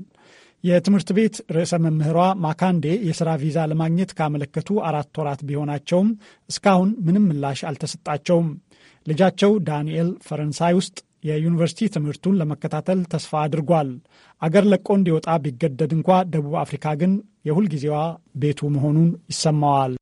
የትምህርት ቤት ርዕሰ መምህሯ ማካንዴ የስራ ቪዛ ለማግኘት ካመለከቱ አራት ወራት ቢሆናቸውም እስካሁን ምንም ምላሽ አልተሰጣቸውም። ልጃቸው ዳንኤል ፈረንሳይ ውስጥ የዩኒቨርሲቲ ትምህርቱን ለመከታተል ተስፋ አድርጓል። አገር ለቆ እንዲወጣ ቢገደድ እንኳ ደቡብ አፍሪካ ግን የሁልጊዜዋ ቤቱ መሆኑን ይሰማዋል።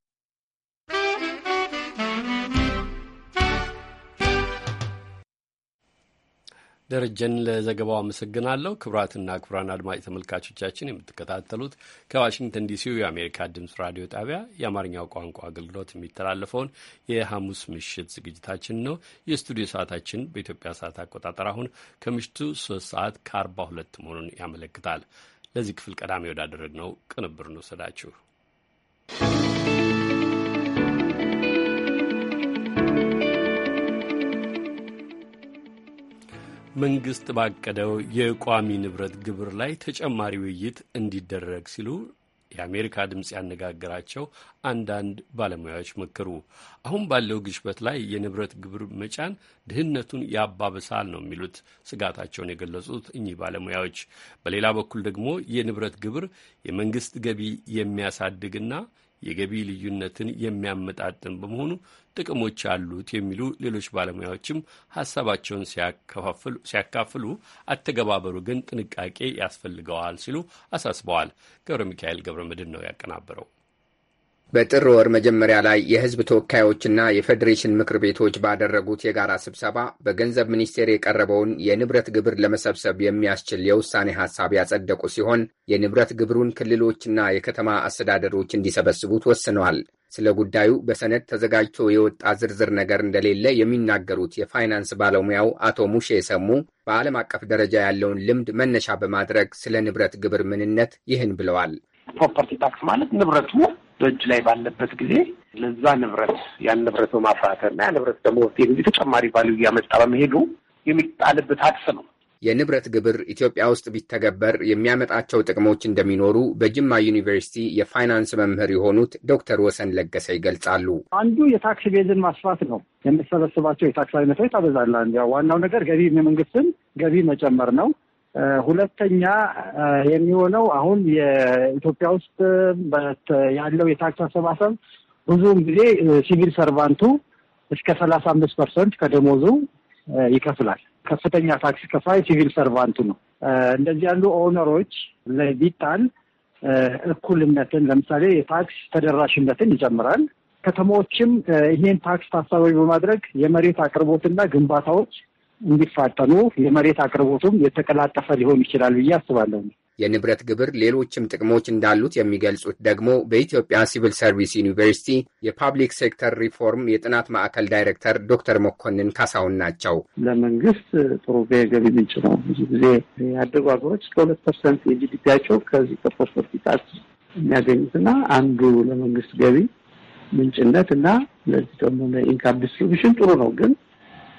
ደረጀን ለዘገባው አመሰግናለሁ። ክቡራትና ክቡራን አድማጭ ተመልካቾቻችን የምትከታተሉት ከዋሽንግተን ዲሲው የአሜሪካ ድምፅ ራዲዮ ጣቢያ የአማርኛው ቋንቋ አገልግሎት የሚተላለፈውን የሐሙስ ምሽት ዝግጅታችን ነው። የስቱዲዮ ሰዓታችን በኢትዮጵያ ሰዓት አቆጣጠር አሁን ከምሽቱ ሶስት ሰዓት ከአርባ ሁለት መሆኑን ያመለክታል። ለዚህ ክፍል ቀዳሚ ወዳደረግ ነው ቅንብር መንግስት ባቀደው የቋሚ ንብረት ግብር ላይ ተጨማሪ ውይይት እንዲደረግ ሲሉ የአሜሪካ ድምፅ ያነጋገራቸው አንዳንድ ባለሙያዎች መከሩ። አሁን ባለው ግሽበት ላይ የንብረት ግብር መጫን ድህነቱን ያባብሳል ነው የሚሉት ስጋታቸውን የገለጹት እኚህ ባለሙያዎች። በሌላ በኩል ደግሞ የንብረት ግብር የመንግስት ገቢ የሚያሳድግና የገቢ ልዩነትን የሚያመጣጥን በመሆኑ ጥቅሞች አሉት የሚሉ ሌሎች ባለሙያዎችም ሀሳባቸውን ሲያካፍሉ አተገባበሩ ግን ጥንቃቄ ያስፈልገዋል ሲሉ አሳስበዋል። ገብረ ሚካኤል ገብረ ምድን ነው ያቀናበረው። በጥር ወር መጀመሪያ ላይ የሕዝብ ተወካዮችና የፌዴሬሽን ምክር ቤቶች ባደረጉት የጋራ ስብሰባ በገንዘብ ሚኒስቴር የቀረበውን የንብረት ግብር ለመሰብሰብ የሚያስችል የውሳኔ ሐሳብ ያጸደቁ ሲሆን የንብረት ግብሩን ክልሎችና የከተማ አስተዳደሮች እንዲሰበስቡት ወስነዋል። ስለ ጉዳዩ በሰነድ ተዘጋጅቶ የወጣ ዝርዝር ነገር እንደሌለ የሚናገሩት የፋይናንስ ባለሙያው አቶ ሙሼ ሰሙ በዓለም አቀፍ ደረጃ ያለውን ልምድ መነሻ በማድረግ ስለ ንብረት ግብር ምንነት ይህን ብለዋል። ፕሮፐርቲ ታክስ ማለት ንብረቱ በእጅ ላይ ባለበት ጊዜ ለዛ ንብረት ያን ንብረት በማፍራተር እና ያ ንብረት ደግሞ ቴ ጊዜ ተጨማሪ ባልዩ እያመጣ በመሄዱ የሚጣልበት ታክስ ነው። የንብረት ግብር ኢትዮጵያ ውስጥ ቢተገበር የሚያመጣቸው ጥቅሞች እንደሚኖሩ በጅማ ዩኒቨርሲቲ የፋይናንስ መምህር የሆኑት ዶክተር ወሰን ለገሰ ይገልጻሉ። አንዱ የታክስ ቤዝን ማስፋት ነው። የምትሰበስባቸው የታክስ አይነቶች ታበዛላ። ዋናው ነገር ገቢ የመንግስትን ገቢ መጨመር ነው። ሁለተኛ የሚሆነው አሁን የኢትዮጵያ ውስጥ ያለው የታክስ አሰባሰብ ብዙውን ጊዜ ሲቪል ሰርቫንቱ እስከ ሰላሳ አምስት ፐርሰንት ከደሞዙ ይከፍላል። ከፍተኛ ታክስ ከፋይ ሲቪል ሰርቫንቱ ነው። እንደዚህ ያሉ ኦነሮች ቢጣል እኩልነትን ለምሳሌ የታክስ ተደራሽነትን ይጨምራል። ከተሞችም ይሄን ታክስ ታሳቢ በማድረግ የመሬት አቅርቦትና ግንባታዎች እንዲፋጠኑ የመሬት አቅርቦቱም የተቀላጠፈ ሊሆን ይችላል ብዬ አስባለሁ። የንብረት ግብር ሌሎችም ጥቅሞች እንዳሉት የሚገልጹት ደግሞ በኢትዮጵያ ሲቪል ሰርቪስ ዩኒቨርሲቲ የፓብሊክ ሴክተር ሪፎርም የጥናት ማዕከል ዳይሬክተር ዶክተር መኮንን ካሳሁን ናቸው። ለመንግስት ጥሩ ገቢ ምንጭ ነው። ብዙ ጊዜ ያደጉ ሀገሮች ከሁለት ፐርሰንት የጂዲፒያቸው ከዚህ ከፕሮፐርቲ ታክስ የሚያገኙትና አንዱ ለመንግስት ገቢ ምንጭነት እና ለዚህ ደግሞ ለኢንካም ዲስትሪቢሽን ጥሩ ነው ግን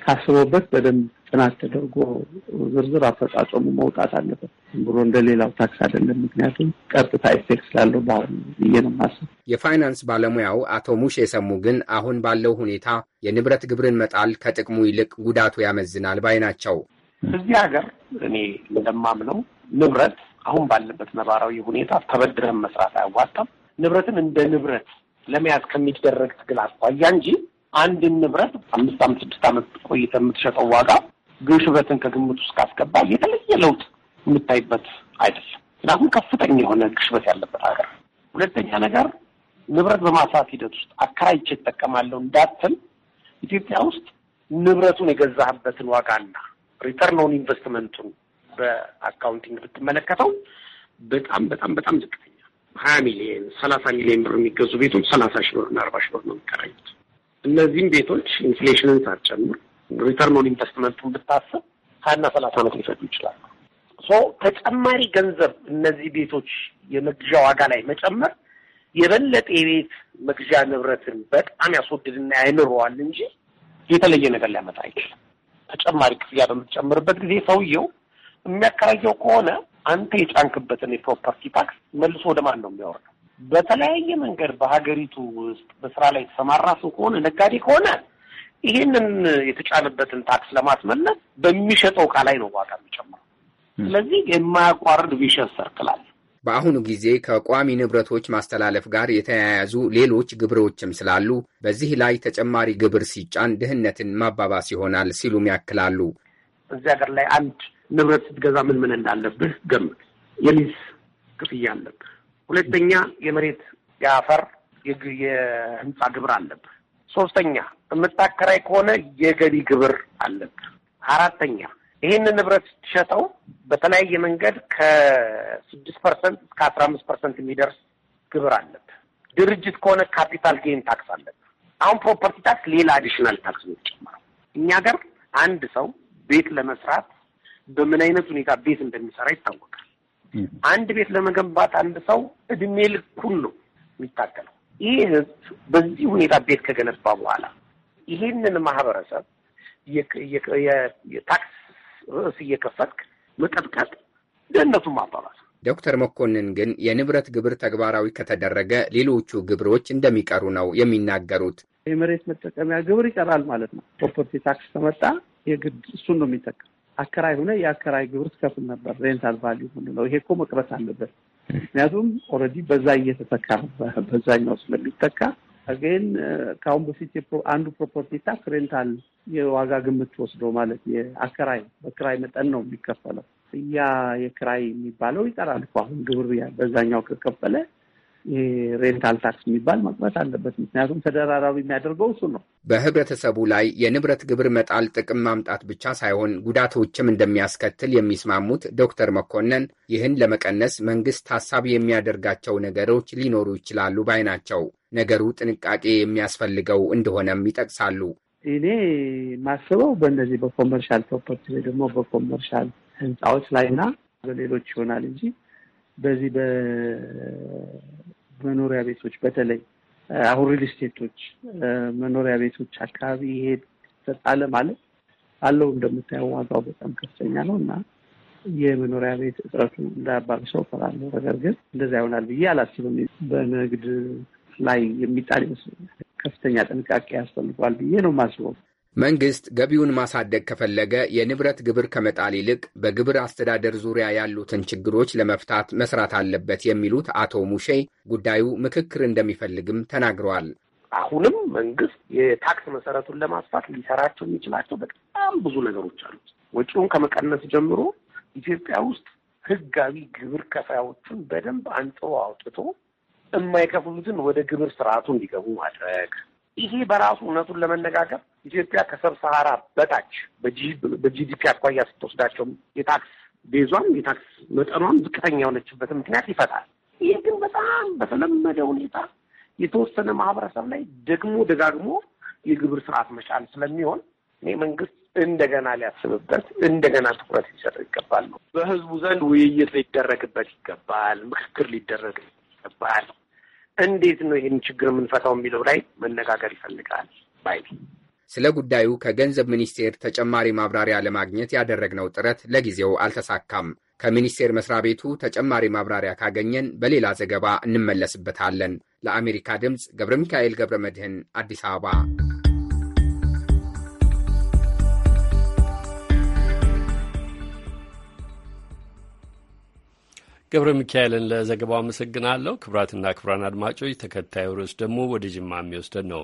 ታስቦበት በደንብ ጥናት ተደርጎ ዝርዝር አፈጻጸሙ መውጣት አለበት። ብሎ እንደሌላው ታክስ አይደለም። ምክንያቱም ቀጥታ ኢፌክት ስላለው በአሁኑ ብዬ ነው ማስብ። የፋይናንስ ባለሙያው አቶ ሙሽ የሰሙ ግን አሁን ባለው ሁኔታ የንብረት ግብርን መጣል ከጥቅሙ ይልቅ ጉዳቱ ያመዝናል ባይ ናቸው። እዚህ ሀገር እኔ እንደማምነው ንብረት አሁን ባለበት ነባራዊ ሁኔታ ተበድረን መስራት አያዋጣም። ንብረትን እንደ ንብረት ለመያዝ ከሚደረግ ትግል አኳያ እንጂ አንድን ንብረት አምስት ዓመት ስድስት አመት ቆይተ የምትሸጠው ዋጋ ግሽበትን ከግምት ውስጥ ካስገባ የተለየ ለውጥ የምታይበት አይደለም። ምክንያቱም ከፍተኛ የሆነ ግሽበት ያለበት ሀገር። ሁለተኛ ነገር ንብረት በማፍራት ሂደት ውስጥ አከራይቼ እጠቀማለሁ እንዳትል ኢትዮጵያ ውስጥ ንብረቱን የገዛህበትን ዋጋና ሪተርን ኦን ኢንቨስትመንቱን በአካውንቲንግ ብትመለከተው በጣም በጣም በጣም ዝቅተኛ ሀያ ሚሊየን ሰላሳ ሚሊየን ብር የሚገዙ ቤቶች ሰላሳ ሺ ብር እና አርባ ሺ ብር ነው የሚከራዩት። እነዚህም ቤቶች ኢንፍሌሽንን ሳትጨምር ሪተርን ኦን ኢንቨስትመንቱን ብታስብ ሀያና ሰላሳ ዓመት ሊፈጁ ይችላሉ። ተጨማሪ ገንዘብ እነዚህ ቤቶች የመግዣ ዋጋ ላይ መጨመር የበለጠ የቤት መግዣ ንብረትን በጣም ያስወድድና ያይንረዋል እንጂ የተለየ ነገር ሊያመጣ አይችልም። ተጨማሪ ክፍያ በምትጨምርበት ጊዜ ሰውየው የሚያከራየው ከሆነ አንተ የጫንክበትን የፕሮፐርቲ ታክስ መልሶ ወደ ማን ነው የሚያወርደው? በተለያየ መንገድ በሀገሪቱ ውስጥ በስራ ላይ የተሰማራ ሰው ከሆነ ነጋዴ ከሆነ ይህንን የተጫነበትን ታክስ ለማስመለስ በሚሸጠው እቃ ላይ ነው ዋጋ የሚጨምረው። ስለዚህ የማያቋርጥ ቪሸስ ሰርክላል። በአሁኑ ጊዜ ከቋሚ ንብረቶች ማስተላለፍ ጋር የተያያዙ ሌሎች ግብሮችም ስላሉ በዚህ ላይ ተጨማሪ ግብር ሲጫን ድህነትን ማባባስ ይሆናል ሲሉም ያክላሉ። እዚህ ሀገር ላይ አንድ ንብረት ስትገዛ ምን ምን እንዳለብህ ገምት። የሊዝ ክፍያ አለብህ ሁለተኛ የመሬት የአፈር የህንፃ ግብር አለብህ። ሶስተኛ የምታከራይ ከሆነ የገቢ ግብር አለብህ። አራተኛ ይህንን ንብረት ስትሸጠው በተለያየ መንገድ ከስድስት ፐርሰንት እስከ አስራ አምስት ፐርሰንት የሚደርስ ግብር አለብህ። ድርጅት ከሆነ ካፒታል ጌን ታክስ አለብህ። አሁን ፕሮፐርቲ ታክስ ሌላ አዲሽናል ታክስ ነው የተጨመረው። እኛ ገር አንድ ሰው ቤት ለመስራት በምን አይነት ሁኔታ ቤት እንደሚሰራ ይታወቃል። አንድ ቤት ለመገንባት አንድ ሰው እድሜ ልኩን ነው የሚታገለው። ይህ ህዝብ በዚህ ሁኔታ ቤት ከገነባ በኋላ ይህንን ማህበረሰብ የታክስ ርዕስ እየከፈትክ መቀጥቀጥ ድህነቱን ማባባስ። ዶክተር መኮንን ግን የንብረት ግብር ተግባራዊ ከተደረገ ሌሎቹ ግብሮች እንደሚቀሩ ነው የሚናገሩት። የመሬት መጠቀሚያ ግብር ይቀራል ማለት ነው። ፕሮፐርቲ ታክስ ከመጣ የግድ እሱን ነው የሚጠቀም አከራይ ሆነ የአከራይ ግብር ትከፍል ነበር። ሬንታል ቫሊዩ የምንለው ይሄ እኮ መቅረት አለበት። ምክንያቱም ኦልሬዲ በዛ እየተተካ በዛኛው ስለሚተካ አገን ከአሁን በፊት አንዱ ፕሮፐርቲ ታክ ሬንታል የዋጋ ግምት ወስዶ ማለት የአከራይ በክራይ መጠን ነው የሚከፈለው። ያ የክራይ የሚባለው ይጠራል እኮ አሁን ግብር በዛኛው ከከፈለ ሬንታል ታክስ የሚባል መቅረት አለበት። ምክንያቱም ተደራራቢ የሚያደርገው እሱ ነው። በህብረተሰቡ ላይ የንብረት ግብር መጣል ጥቅም ማምጣት ብቻ ሳይሆን ጉዳቶችም እንደሚያስከትል የሚስማሙት ዶክተር መኮንን ይህን ለመቀነስ መንግስት ታሳቢ የሚያደርጋቸው ነገሮች ሊኖሩ ይችላሉ ባይ ናቸው። ነገሩ ጥንቃቄ የሚያስፈልገው እንደሆነም ይጠቅሳሉ። እኔ ማስበው በእነዚህ በኮመርሻል ፕሮፐርቲ ወይ ደግሞ በኮመርሻል ህንፃዎች ላይና በሌሎች ይሆናል እንጂ በዚህ መኖሪያ ቤቶች በተለይ አሁን ሪል ስቴቶች መኖሪያ ቤቶች አካባቢ ይሄ ተጣለ ማለት አለው እንደምታየው ዋጋው በጣም ከፍተኛ ነው እና የመኖሪያ ቤት እጥረቱ እንዳያባብሰው እፈራለሁ። ነገር ግን እንደዚያ ይሆናል ብዬ አላስብም። በንግድ ላይ የሚጣል ይመስለኛል። ከፍተኛ ጥንቃቄ ያስፈልጓል ብዬ ነው የማስበው። መንግስት ገቢውን ማሳደግ ከፈለገ የንብረት ግብር ከመጣል ይልቅ በግብር አስተዳደር ዙሪያ ያሉትን ችግሮች ለመፍታት መስራት አለበት የሚሉት አቶ ሙሼ ጉዳዩ ምክክር እንደሚፈልግም ተናግረዋል። አሁንም መንግስት የታክስ መሰረቱን ለማስፋት ሊሰራቸው የሚችላቸው በጣም ብዙ ነገሮች አሉት። ወጪውን ከመቀነስ ጀምሮ ኢትዮጵያ ውስጥ ህጋዊ ግብር ከፋዮቹን በደንብ አንጽሮ አውጥቶ የማይከፍሉትን ወደ ግብር ስርዓቱ እንዲገቡ ማድረግ ይሄ በራሱ እውነቱን ለመነጋገር ኢትዮጵያ ከሰብ ሰሃራ በታች በጂዲፒ አኳያ ስትወስዳቸው የታክስ ቤዟም የታክስ መጠኗም ዝቅተኛ የሆነችበት ምክንያት ይፈታል። ይህ ግን በጣም በተለመደ ሁኔታ የተወሰነ ማህበረሰብ ላይ ደግሞ ደጋግሞ የግብር ስርዓት መጫን ስለሚሆን እኔ መንግስት እንደገና ሊያስብበት እንደገና ትኩረት ሊሰጠው ይገባል ነው። በህዝቡ ዘንድ ውይይት ሊደረግበት ይገባል። ምክክር ሊደረግ ይገባል። እንዴት ነው ይህን ችግር የምንፈታው የሚለው ላይ መነጋገር ይፈልጋል ባይ ስለ ጉዳዩ ከገንዘብ ሚኒስቴር ተጨማሪ ማብራሪያ ለማግኘት ያደረግነው ጥረት ለጊዜው አልተሳካም። ከሚኒስቴር መስሪያ ቤቱ ተጨማሪ ማብራሪያ ካገኘን በሌላ ዘገባ እንመለስበታለን። ለአሜሪካ ድምፅ ገብረ ሚካኤል ገብረ መድህን አዲስ አበባ ገብረ ሚካኤልን ለዘገባው አመሰግናለሁ። ክብራትና ክብራን አድማጮች ተከታዩ ርዕስ ደግሞ ወደ ጅማ የሚወስደን ነው።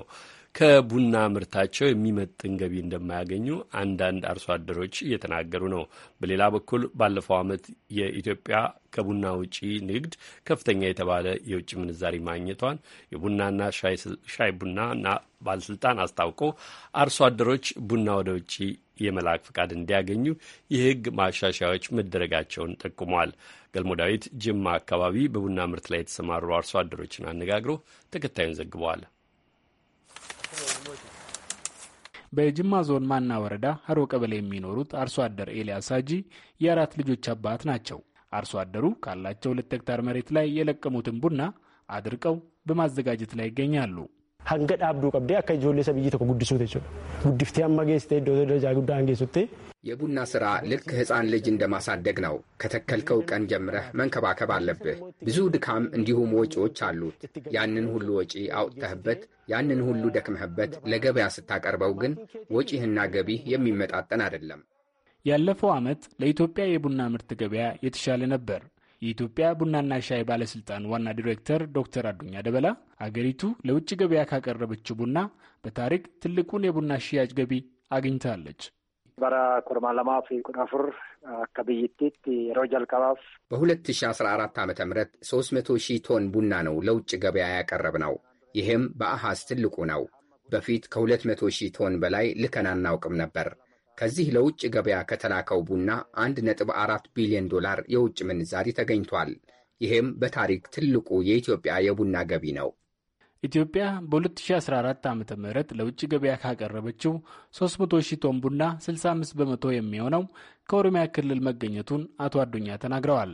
ከቡና ምርታቸው የሚመጥን ገቢ እንደማያገኙ አንዳንድ አርሶ አደሮች እየተናገሩ ነው። በሌላ በኩል ባለፈው ዓመት የኢትዮጵያ ከቡና ውጪ ንግድ ከፍተኛ የተባለ የውጭ ምንዛሪ ማግኘቷን የቡናና ሻይ ቡናና ባለስልጣን አስታውቆ አርሶ አደሮች ቡና ወደ ውጪ የመላክ ፍቃድ እንዲያገኙ የህግ ማሻሻያዎች መደረጋቸውን ጠቁሟል። ገልሞ ዳዊት ጅማ አካባቢ በቡና ምርት ላይ የተሰማሩ አርሶ አደሮችን አነጋግሮ ተከታዩን ዘግበዋል። በጅማ ዞን ማና ወረዳ ሀሮ ቀበሌ የሚኖሩት አርሶ አደር ኤልያስ ሀጂ የአራት ልጆች አባት ናቸው። አርሶ አደሩ ካላቸው ሁለት ሄክታር መሬት ላይ የለቀሙትን ቡና አድርቀው በማዘጋጀት ላይ ይገኛሉ። hanga dhaabduu qabdee akka ijoollee sabiyyii tokko guddisuuti jechuudha. Guddiftee amma geessitee iddoo daraja guddaa hangeessutti. የቡና ስራ ልክ ህፃን ልጅ እንደማሳደግ ነው። ከተከልከው ቀን ጀምረህ መንከባከብ አለብህ። ብዙ ድካም እንዲሁም ወጪዎች አሉት። ያንን ሁሉ ወጪ አውጥተህበት ያንን ሁሉ ደክመህበት ለገበያ ስታቀርበው ግን ወጪህና ገቢህ የሚመጣጠን አይደለም። ያለፈው ዓመት ለኢትዮጵያ የቡና ምርት ገበያ የተሻለ ነበር። የኢትዮጵያ ቡናና ሻይ ባለስልጣን ዋና ዲሬክተር ዶክተር አዱኛ ደበላ አገሪቱ ለውጭ ገበያ ካቀረበችው ቡና በታሪክ ትልቁን የቡና ሽያጭ ገቢ አግኝታለች። በ2014 ዓ ም 300 ሺህ ቶን ቡና ነው ለውጭ ገበያ ያቀረብ ነው። ይህም በአሐዝ ትልቁ ነው። በፊት ከ200 ሺህ ቶን በላይ ልከን አናውቅም ነበር። ከዚህ ለውጭ ገበያ ከተላከው ቡና 1.4 ቢሊዮን ዶላር የውጭ ምንዛሪ ተገኝቷል። ይህም በታሪክ ትልቁ የኢትዮጵያ የቡና ገቢ ነው። ኢትዮጵያ በ2014 ዓ ም ለውጭ ገበያ ካቀረበችው 300 ሺህ ቶን ቡና 65 በመቶ የሚሆነው ከኦሮሚያ ክልል መገኘቱን አቶ አዱኛ ተናግረዋል።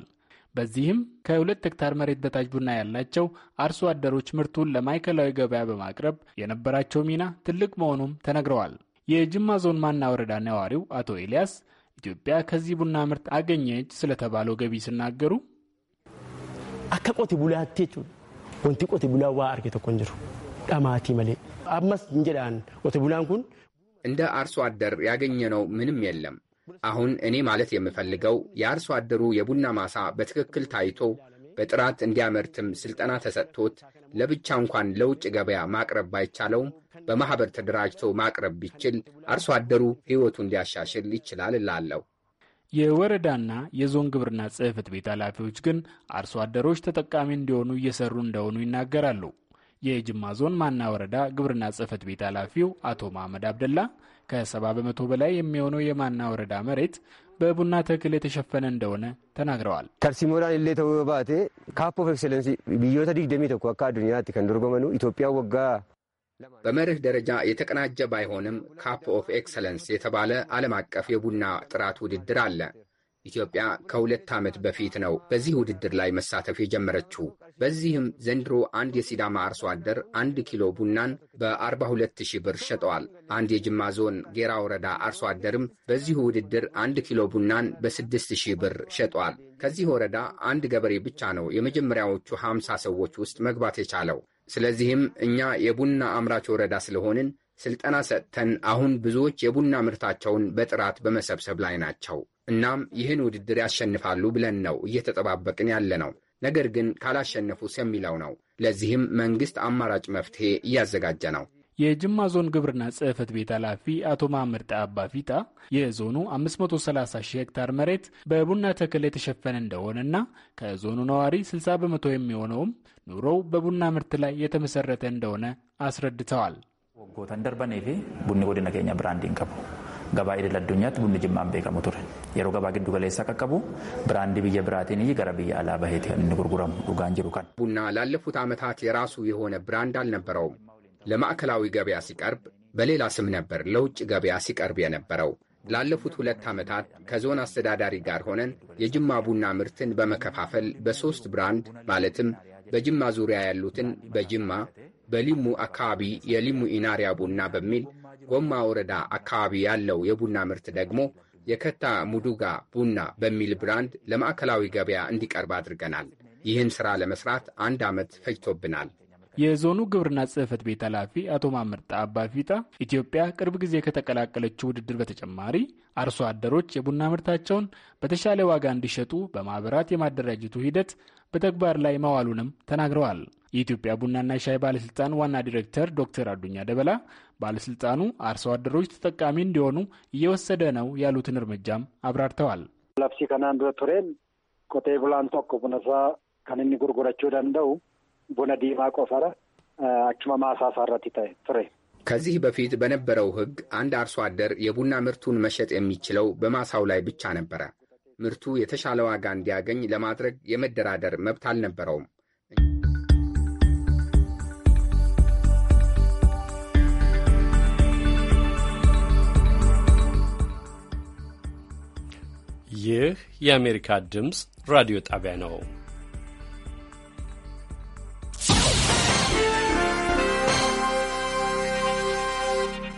በዚህም ከሁለት ሄክታር መሬት በታች ቡና ያላቸው አርሶ አደሮች ምርቱን ለማዕከላዊ ገበያ በማቅረብ የነበራቸው ሚና ትልቅ መሆኑም ተነግረዋል። የጅማ ዞን ማና ወረዳ ነዋሪው አቶ ኤልያስ ኢትዮጵያ ከዚህ ቡና ምርት አገኘች ስለተባለው ገቢ ሲናገሩ አካ ቆቴ ቡላቴ ወንቲ ቆቴ ቡላ ዋ አርጌ ተኮን ጅሩ ዳማቲ መሌ አማስ እንጀዳን ቆቴ ቡላን ኩን እንደ አርሶ አደር ያገኘነው ምንም የለም። አሁን እኔ ማለት የምፈልገው የአርሶ አደሩ የቡና ማሳ በትክክል ታይቶ በጥራት እንዲያመርትም ስልጠና ተሰጥቶት ለብቻ እንኳን ለውጭ ገበያ ማቅረብ ባይቻለውም በማኅበር ተደራጅቶ ማቅረብ ቢችል አርሶ አደሩ ሕይወቱን ሊያሻሽል ይችላል እላለሁ። የወረዳና የዞን ግብርና ጽሕፈት ቤት ኃላፊዎች ግን አርሶ አደሮች ተጠቃሚ እንዲሆኑ እየሰሩ እንደሆኑ ይናገራሉ። የጅማ ዞን ማና ወረዳ ግብርና ጽሕፈት ቤት ኃላፊው አቶ መሐመድ አብደላ ከሰባ በመቶ በላይ የሚሆነው የማና ወረዳ መሬት በቡና ተክል የተሸፈነ እንደሆነ ተናግረዋል። ተርሲሞዳን ሌ ተውባቴ ካፕ ኦፍ ኤክሰለንሲ ብዮተ ዲግደሚ አካ አዱኒያቲ ከንዶርጎመኑ ኢትዮጵያ ወጋ በመርህ ደረጃ የተቀናጀ ባይሆንም ካፕ ኦፍ ኤክሰለንስ የተባለ ዓለም አቀፍ የቡና ጥራት ውድድር አለ። ኢትዮጵያ ከሁለት ዓመት በፊት ነው በዚህ ውድድር ላይ መሳተፍ የጀመረችው። በዚህም ዘንድሮ አንድ የሲዳማ አርሶ አደር አንድ ኪሎ ቡናን በ42 ሺህ ብር ሸጠዋል። አንድ የጅማ ዞን ጌራ ወረዳ አርሶ አደርም በዚሁ ውድድር አንድ ኪሎ ቡናን በ6 ሺህ ብር ሸጠዋል። ከዚህ ወረዳ አንድ ገበሬ ብቻ ነው የመጀመሪያዎቹ 50 ሰዎች ውስጥ መግባት የቻለው። ስለዚህም እኛ የቡና አምራች ወረዳ ስለሆንን ስልጠና ሰጥተን አሁን ብዙዎች የቡና ምርታቸውን በጥራት በመሰብሰብ ላይ ናቸው። እናም ይህን ውድድር ያሸንፋሉ ብለን ነው እየተጠባበቅን ያለ ነው። ነገር ግን ካላሸነፉስ የሚለው ነው። ለዚህም መንግሥት አማራጭ መፍትሄ እያዘጋጀ ነው። የጅማ ዞን ግብርና ጽህፈት ቤት ኃላፊ አቶ ማህመድ ጣአባ ፊጣ የዞኑ 530 ሺህ ሄክታር መሬት በቡና ተክል የተሸፈነ እንደሆነና ከዞኑ ነዋሪ 60 በመቶ የሚሆነውም ኑሮው በቡና ምርት ላይ የተመሰረተ እንደሆነ አስረድተዋል። ወጎተን ደርበኔ ፊ ቡኒ ጎዲና ነገኛ ብራንዲን ቀቡ gabaa idil addunyaatti bunni jimmaan beekamu ቱር የሮ ገባ ግዱ galeessaa qaqqabu ብራንዲ ብየ ብራቲን እይ ገረ ብየ አላ ሄት inni gurguramu dhugaan jiru ቡና ላለፉት ዓመታት የራሱ የሆነ ብራንድ አልነበረውም። ለማዕከላዊ ገበያ ሲቀርብ በሌላ ስም ነበር ለውጭ ገበያ ሲቀርብ የነበረው። ላለፉት ሁለት ዓመታት ከዞን አስተዳዳሪ ጋር ሆነን የጅማ ቡና ምርትን በመከፋፈል በሦስት ብራንድ ማለትም በጅማ ዙሪያ ያሉትን በጅማ በሊሙ አካባቢ የሊሙ ኢናሪያ ቡና በሚል ጎማ ወረዳ አካባቢ ያለው የቡና ምርት ደግሞ የከታ ሙዱጋ ቡና በሚል ብራንድ ለማዕከላዊ ገበያ እንዲቀርብ አድርገናል። ይህን ሥራ ለመሥራት አንድ ዓመት ፈጅቶብናል። የዞኑ ግብርና ጽህፈት ቤት ኃላፊ አቶ ማመርጣ አባፊታ ኢትዮጵያ ቅርብ ጊዜ ከተቀላቀለችው ውድድር በተጨማሪ አርሶ አደሮች የቡና ምርታቸውን በተሻለ ዋጋ እንዲሸጡ በማህበራት የማደራጀቱ ሂደት በተግባር ላይ መዋሉንም ተናግረዋል። የኢትዮጵያ ቡናና ሻይ ባለስልጣን ዋና ዲሬክተር ዶክተር አዱኛ ደበላ ባለስልጣኑ አርሶ አደሮች ተጠቃሚ እንዲሆኑ እየወሰደ ነው ያሉትን እርምጃም አብራርተዋል። ለፍሲ ከናንዱ ቱሬን ቆቴ ቡላን ቶኮ ቡነሳ ከንኒ ጉርጉረችው ደንደው ቡነ ዲማ ቆፈረ አችመ ማሳሳረት ture ከዚህ በፊት በነበረው ህግ አንድ አርሶ አደር የቡና ምርቱን መሸጥ የሚችለው በማሳው ላይ ብቻ ነበረ። ምርቱ የተሻለ ዋጋ እንዲያገኝ ለማድረግ የመደራደር መብት አልነበረውም። ይህ የአሜሪካ ድምፅ ራዲዮ ጣቢያ ነው።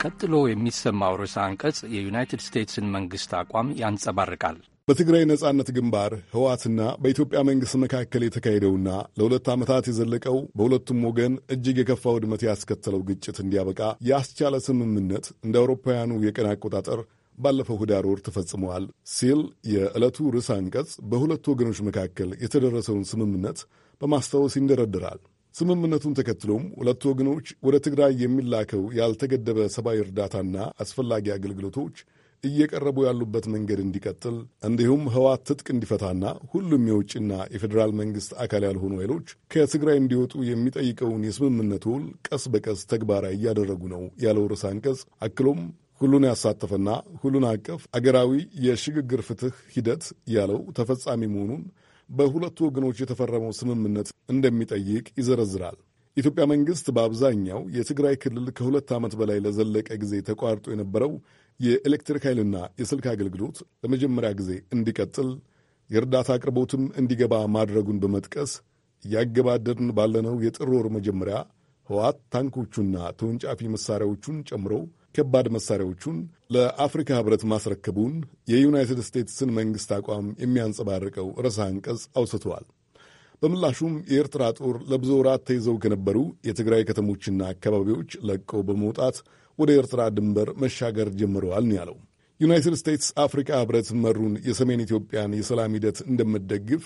ቀጥሎ የሚሰማው ርዕሰ አንቀጽ የዩናይትድ ስቴትስን መንግሥት አቋም ያንጸባርቃል። በትግራይ ነጻነት ግንባር ህወሓትና በኢትዮጵያ መንግሥት መካከል የተካሄደውና ለሁለት ዓመታት የዘለቀው በሁለቱም ወገን እጅግ የከፋ ውድመት ያስከተለው ግጭት እንዲያበቃ ያስቻለ ስምምነት እንደ አውሮፓውያኑ የቀን አቆጣጠር ባለፈው ህዳር ወር ተፈጽመዋል ሲል የዕለቱ ርዕሰ አንቀጽ በሁለቱ ወገኖች መካከል የተደረሰውን ስምምነት በማስታወስ ይንደረድራል። ስምምነቱን ተከትሎም ሁለቱ ወገኖች ወደ ትግራይ የሚላከው ያልተገደበ ሰብአዊ እርዳታና አስፈላጊ አገልግሎቶች እየቀረቡ ያሉበት መንገድ እንዲቀጥል እንዲሁም ህዋት ትጥቅ እንዲፈታና ሁሉም የውጭና የፌዴራል መንግስት አካል ያልሆኑ ኃይሎች ከትግራይ እንዲወጡ የሚጠይቀውን የስምምነት ውል ቀስ በቀስ ተግባራዊ እያደረጉ ነው ያለው ርዕሰ አንቀጽ አክሎም ሁሉን ያሳተፈና ሁሉን አቀፍ አገራዊ የሽግግር ፍትህ ሂደት ያለው ተፈጻሚ መሆኑን በሁለቱ ወገኖች የተፈረመው ስምምነት እንደሚጠይቅ ይዘረዝራል። ኢትዮጵያ መንግሥት በአብዛኛው የትግራይ ክልል ከሁለት ዓመት በላይ ለዘለቀ ጊዜ ተቋርጦ የነበረው የኤሌክትሪክ ኃይልና የስልክ አገልግሎት ለመጀመሪያ ጊዜ እንዲቀጥል የእርዳታ አቅርቦትም እንዲገባ ማድረጉን በመጥቀስ እያገባደድን ባለነው የጥር ወር መጀመሪያ ህወሓት ታንኮቹና ተወንጫፊ መሳሪያዎቹን ጨምሮ ከባድ መሳሪያዎቹን ለአፍሪካ ህብረት ማስረከቡን የዩናይትድ ስቴትስን መንግሥት አቋም የሚያንጸባርቀው ርዕሰ አንቀጽ አውስተዋል። በምላሹም የኤርትራ ጦር ለብዙ ወራት ተይዘው ከነበሩ የትግራይ ከተሞችና አካባቢዎች ለቀው በመውጣት ወደ ኤርትራ ድንበር መሻገር ጀምረዋል ነው ያለው። ዩናይትድ ስቴትስ አፍሪካ ህብረት መሩን የሰሜን ኢትዮጵያን የሰላም ሂደት እንደምትደግፍ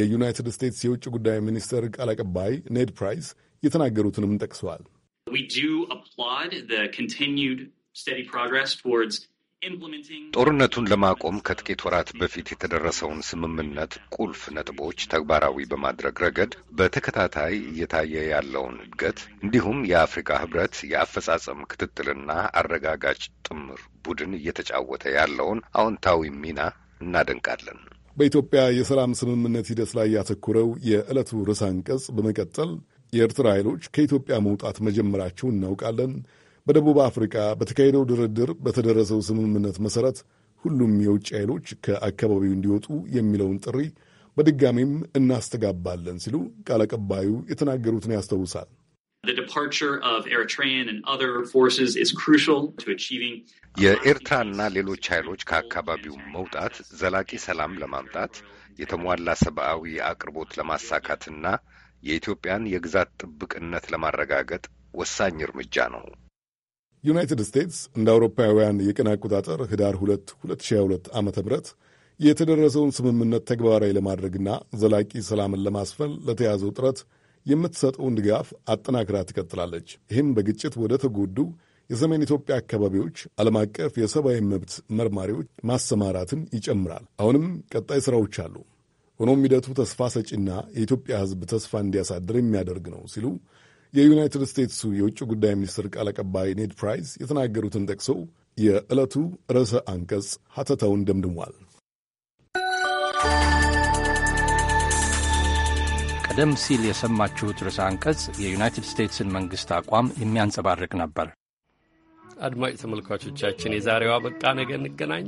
የዩናይትድ ስቴትስ የውጭ ጉዳይ ሚኒስትር ቃል አቀባይ ኔድ ፕራይስ የተናገሩትንም ጠቅሰዋል። ጦርነቱን ለማቆም ከጥቂት ወራት በፊት የተደረሰውን ስምምነት ቁልፍ ነጥቦች ተግባራዊ በማድረግ ረገድ በተከታታይ እየታየ ያለውን እድገት እንዲሁም የአፍሪካ ሕብረት የአፈጻጸም ክትትልና አረጋጋጭ ጥምር ቡድን እየተጫወተ ያለውን አዎንታዊ ሚና እናደንቃለን። በኢትዮጵያ የሰላም ስምምነት ሂደት ላይ ያተኮረው የዕለቱ ርዕሰ አንቀጽ በመቀጠል የኤርትራ ኃይሎች ከኢትዮጵያ መውጣት መጀመራቸውን እናውቃለን። በደቡብ አፍሪካ በተካሄደው ድርድር በተደረሰው ስምምነት መሠረት ሁሉም የውጭ ኃይሎች ከአካባቢው እንዲወጡ የሚለውን ጥሪ በድጋሚም እናስተጋባለን ሲሉ ቃል አቀባዩ የተናገሩትን ያስታውሳል። የኤርትራና ሌሎች ኃይሎች ከአካባቢው መውጣት ዘላቂ ሰላም ለማምጣት የተሟላ ሰብአዊ አቅርቦት ለማሳካትና የኢትዮጵያን የግዛት ጥብቅነት ለማረጋገጥ ወሳኝ እርምጃ ነው። ዩናይትድ ስቴትስ እንደ አውሮፓውያን የቀን አቆጣጠር ህዳር 2 2022 ዓ ም የተደረሰውን ስምምነት ተግባራዊ ለማድረግና ዘላቂ ሰላምን ለማስፈን ለተያዘው ጥረት የምትሰጠውን ድጋፍ አጠናክራ ትቀጥላለች። ይህም በግጭት ወደ ተጎዱ የሰሜን ኢትዮጵያ አካባቢዎች ዓለም አቀፍ የሰብአዊ መብት መርማሪዎች ማሰማራትን ይጨምራል። አሁንም ቀጣይ ሥራዎች አሉ። ሆኖም ሂደቱ ተስፋ ሰጪና የኢትዮጵያ ሕዝብ ተስፋ እንዲያሳድር የሚያደርግ ነው ሲሉ የዩናይትድ ስቴትሱ የውጭ ጉዳይ ሚኒስትር ቃል አቀባይ ኔድ ፕራይስ የተናገሩትን ጠቅሶ የዕለቱ ርዕሰ አንቀጽ ሐተታውን ደምድሟል። ቀደም ሲል የሰማችሁት ርዕሰ አንቀጽ የዩናይትድ ስቴትስን መንግሥት አቋም የሚያንጸባርቅ ነበር። አድማጭ ተመልካቾቻችን፣ የዛሬዋ በቃ ነገ እንገናኝ።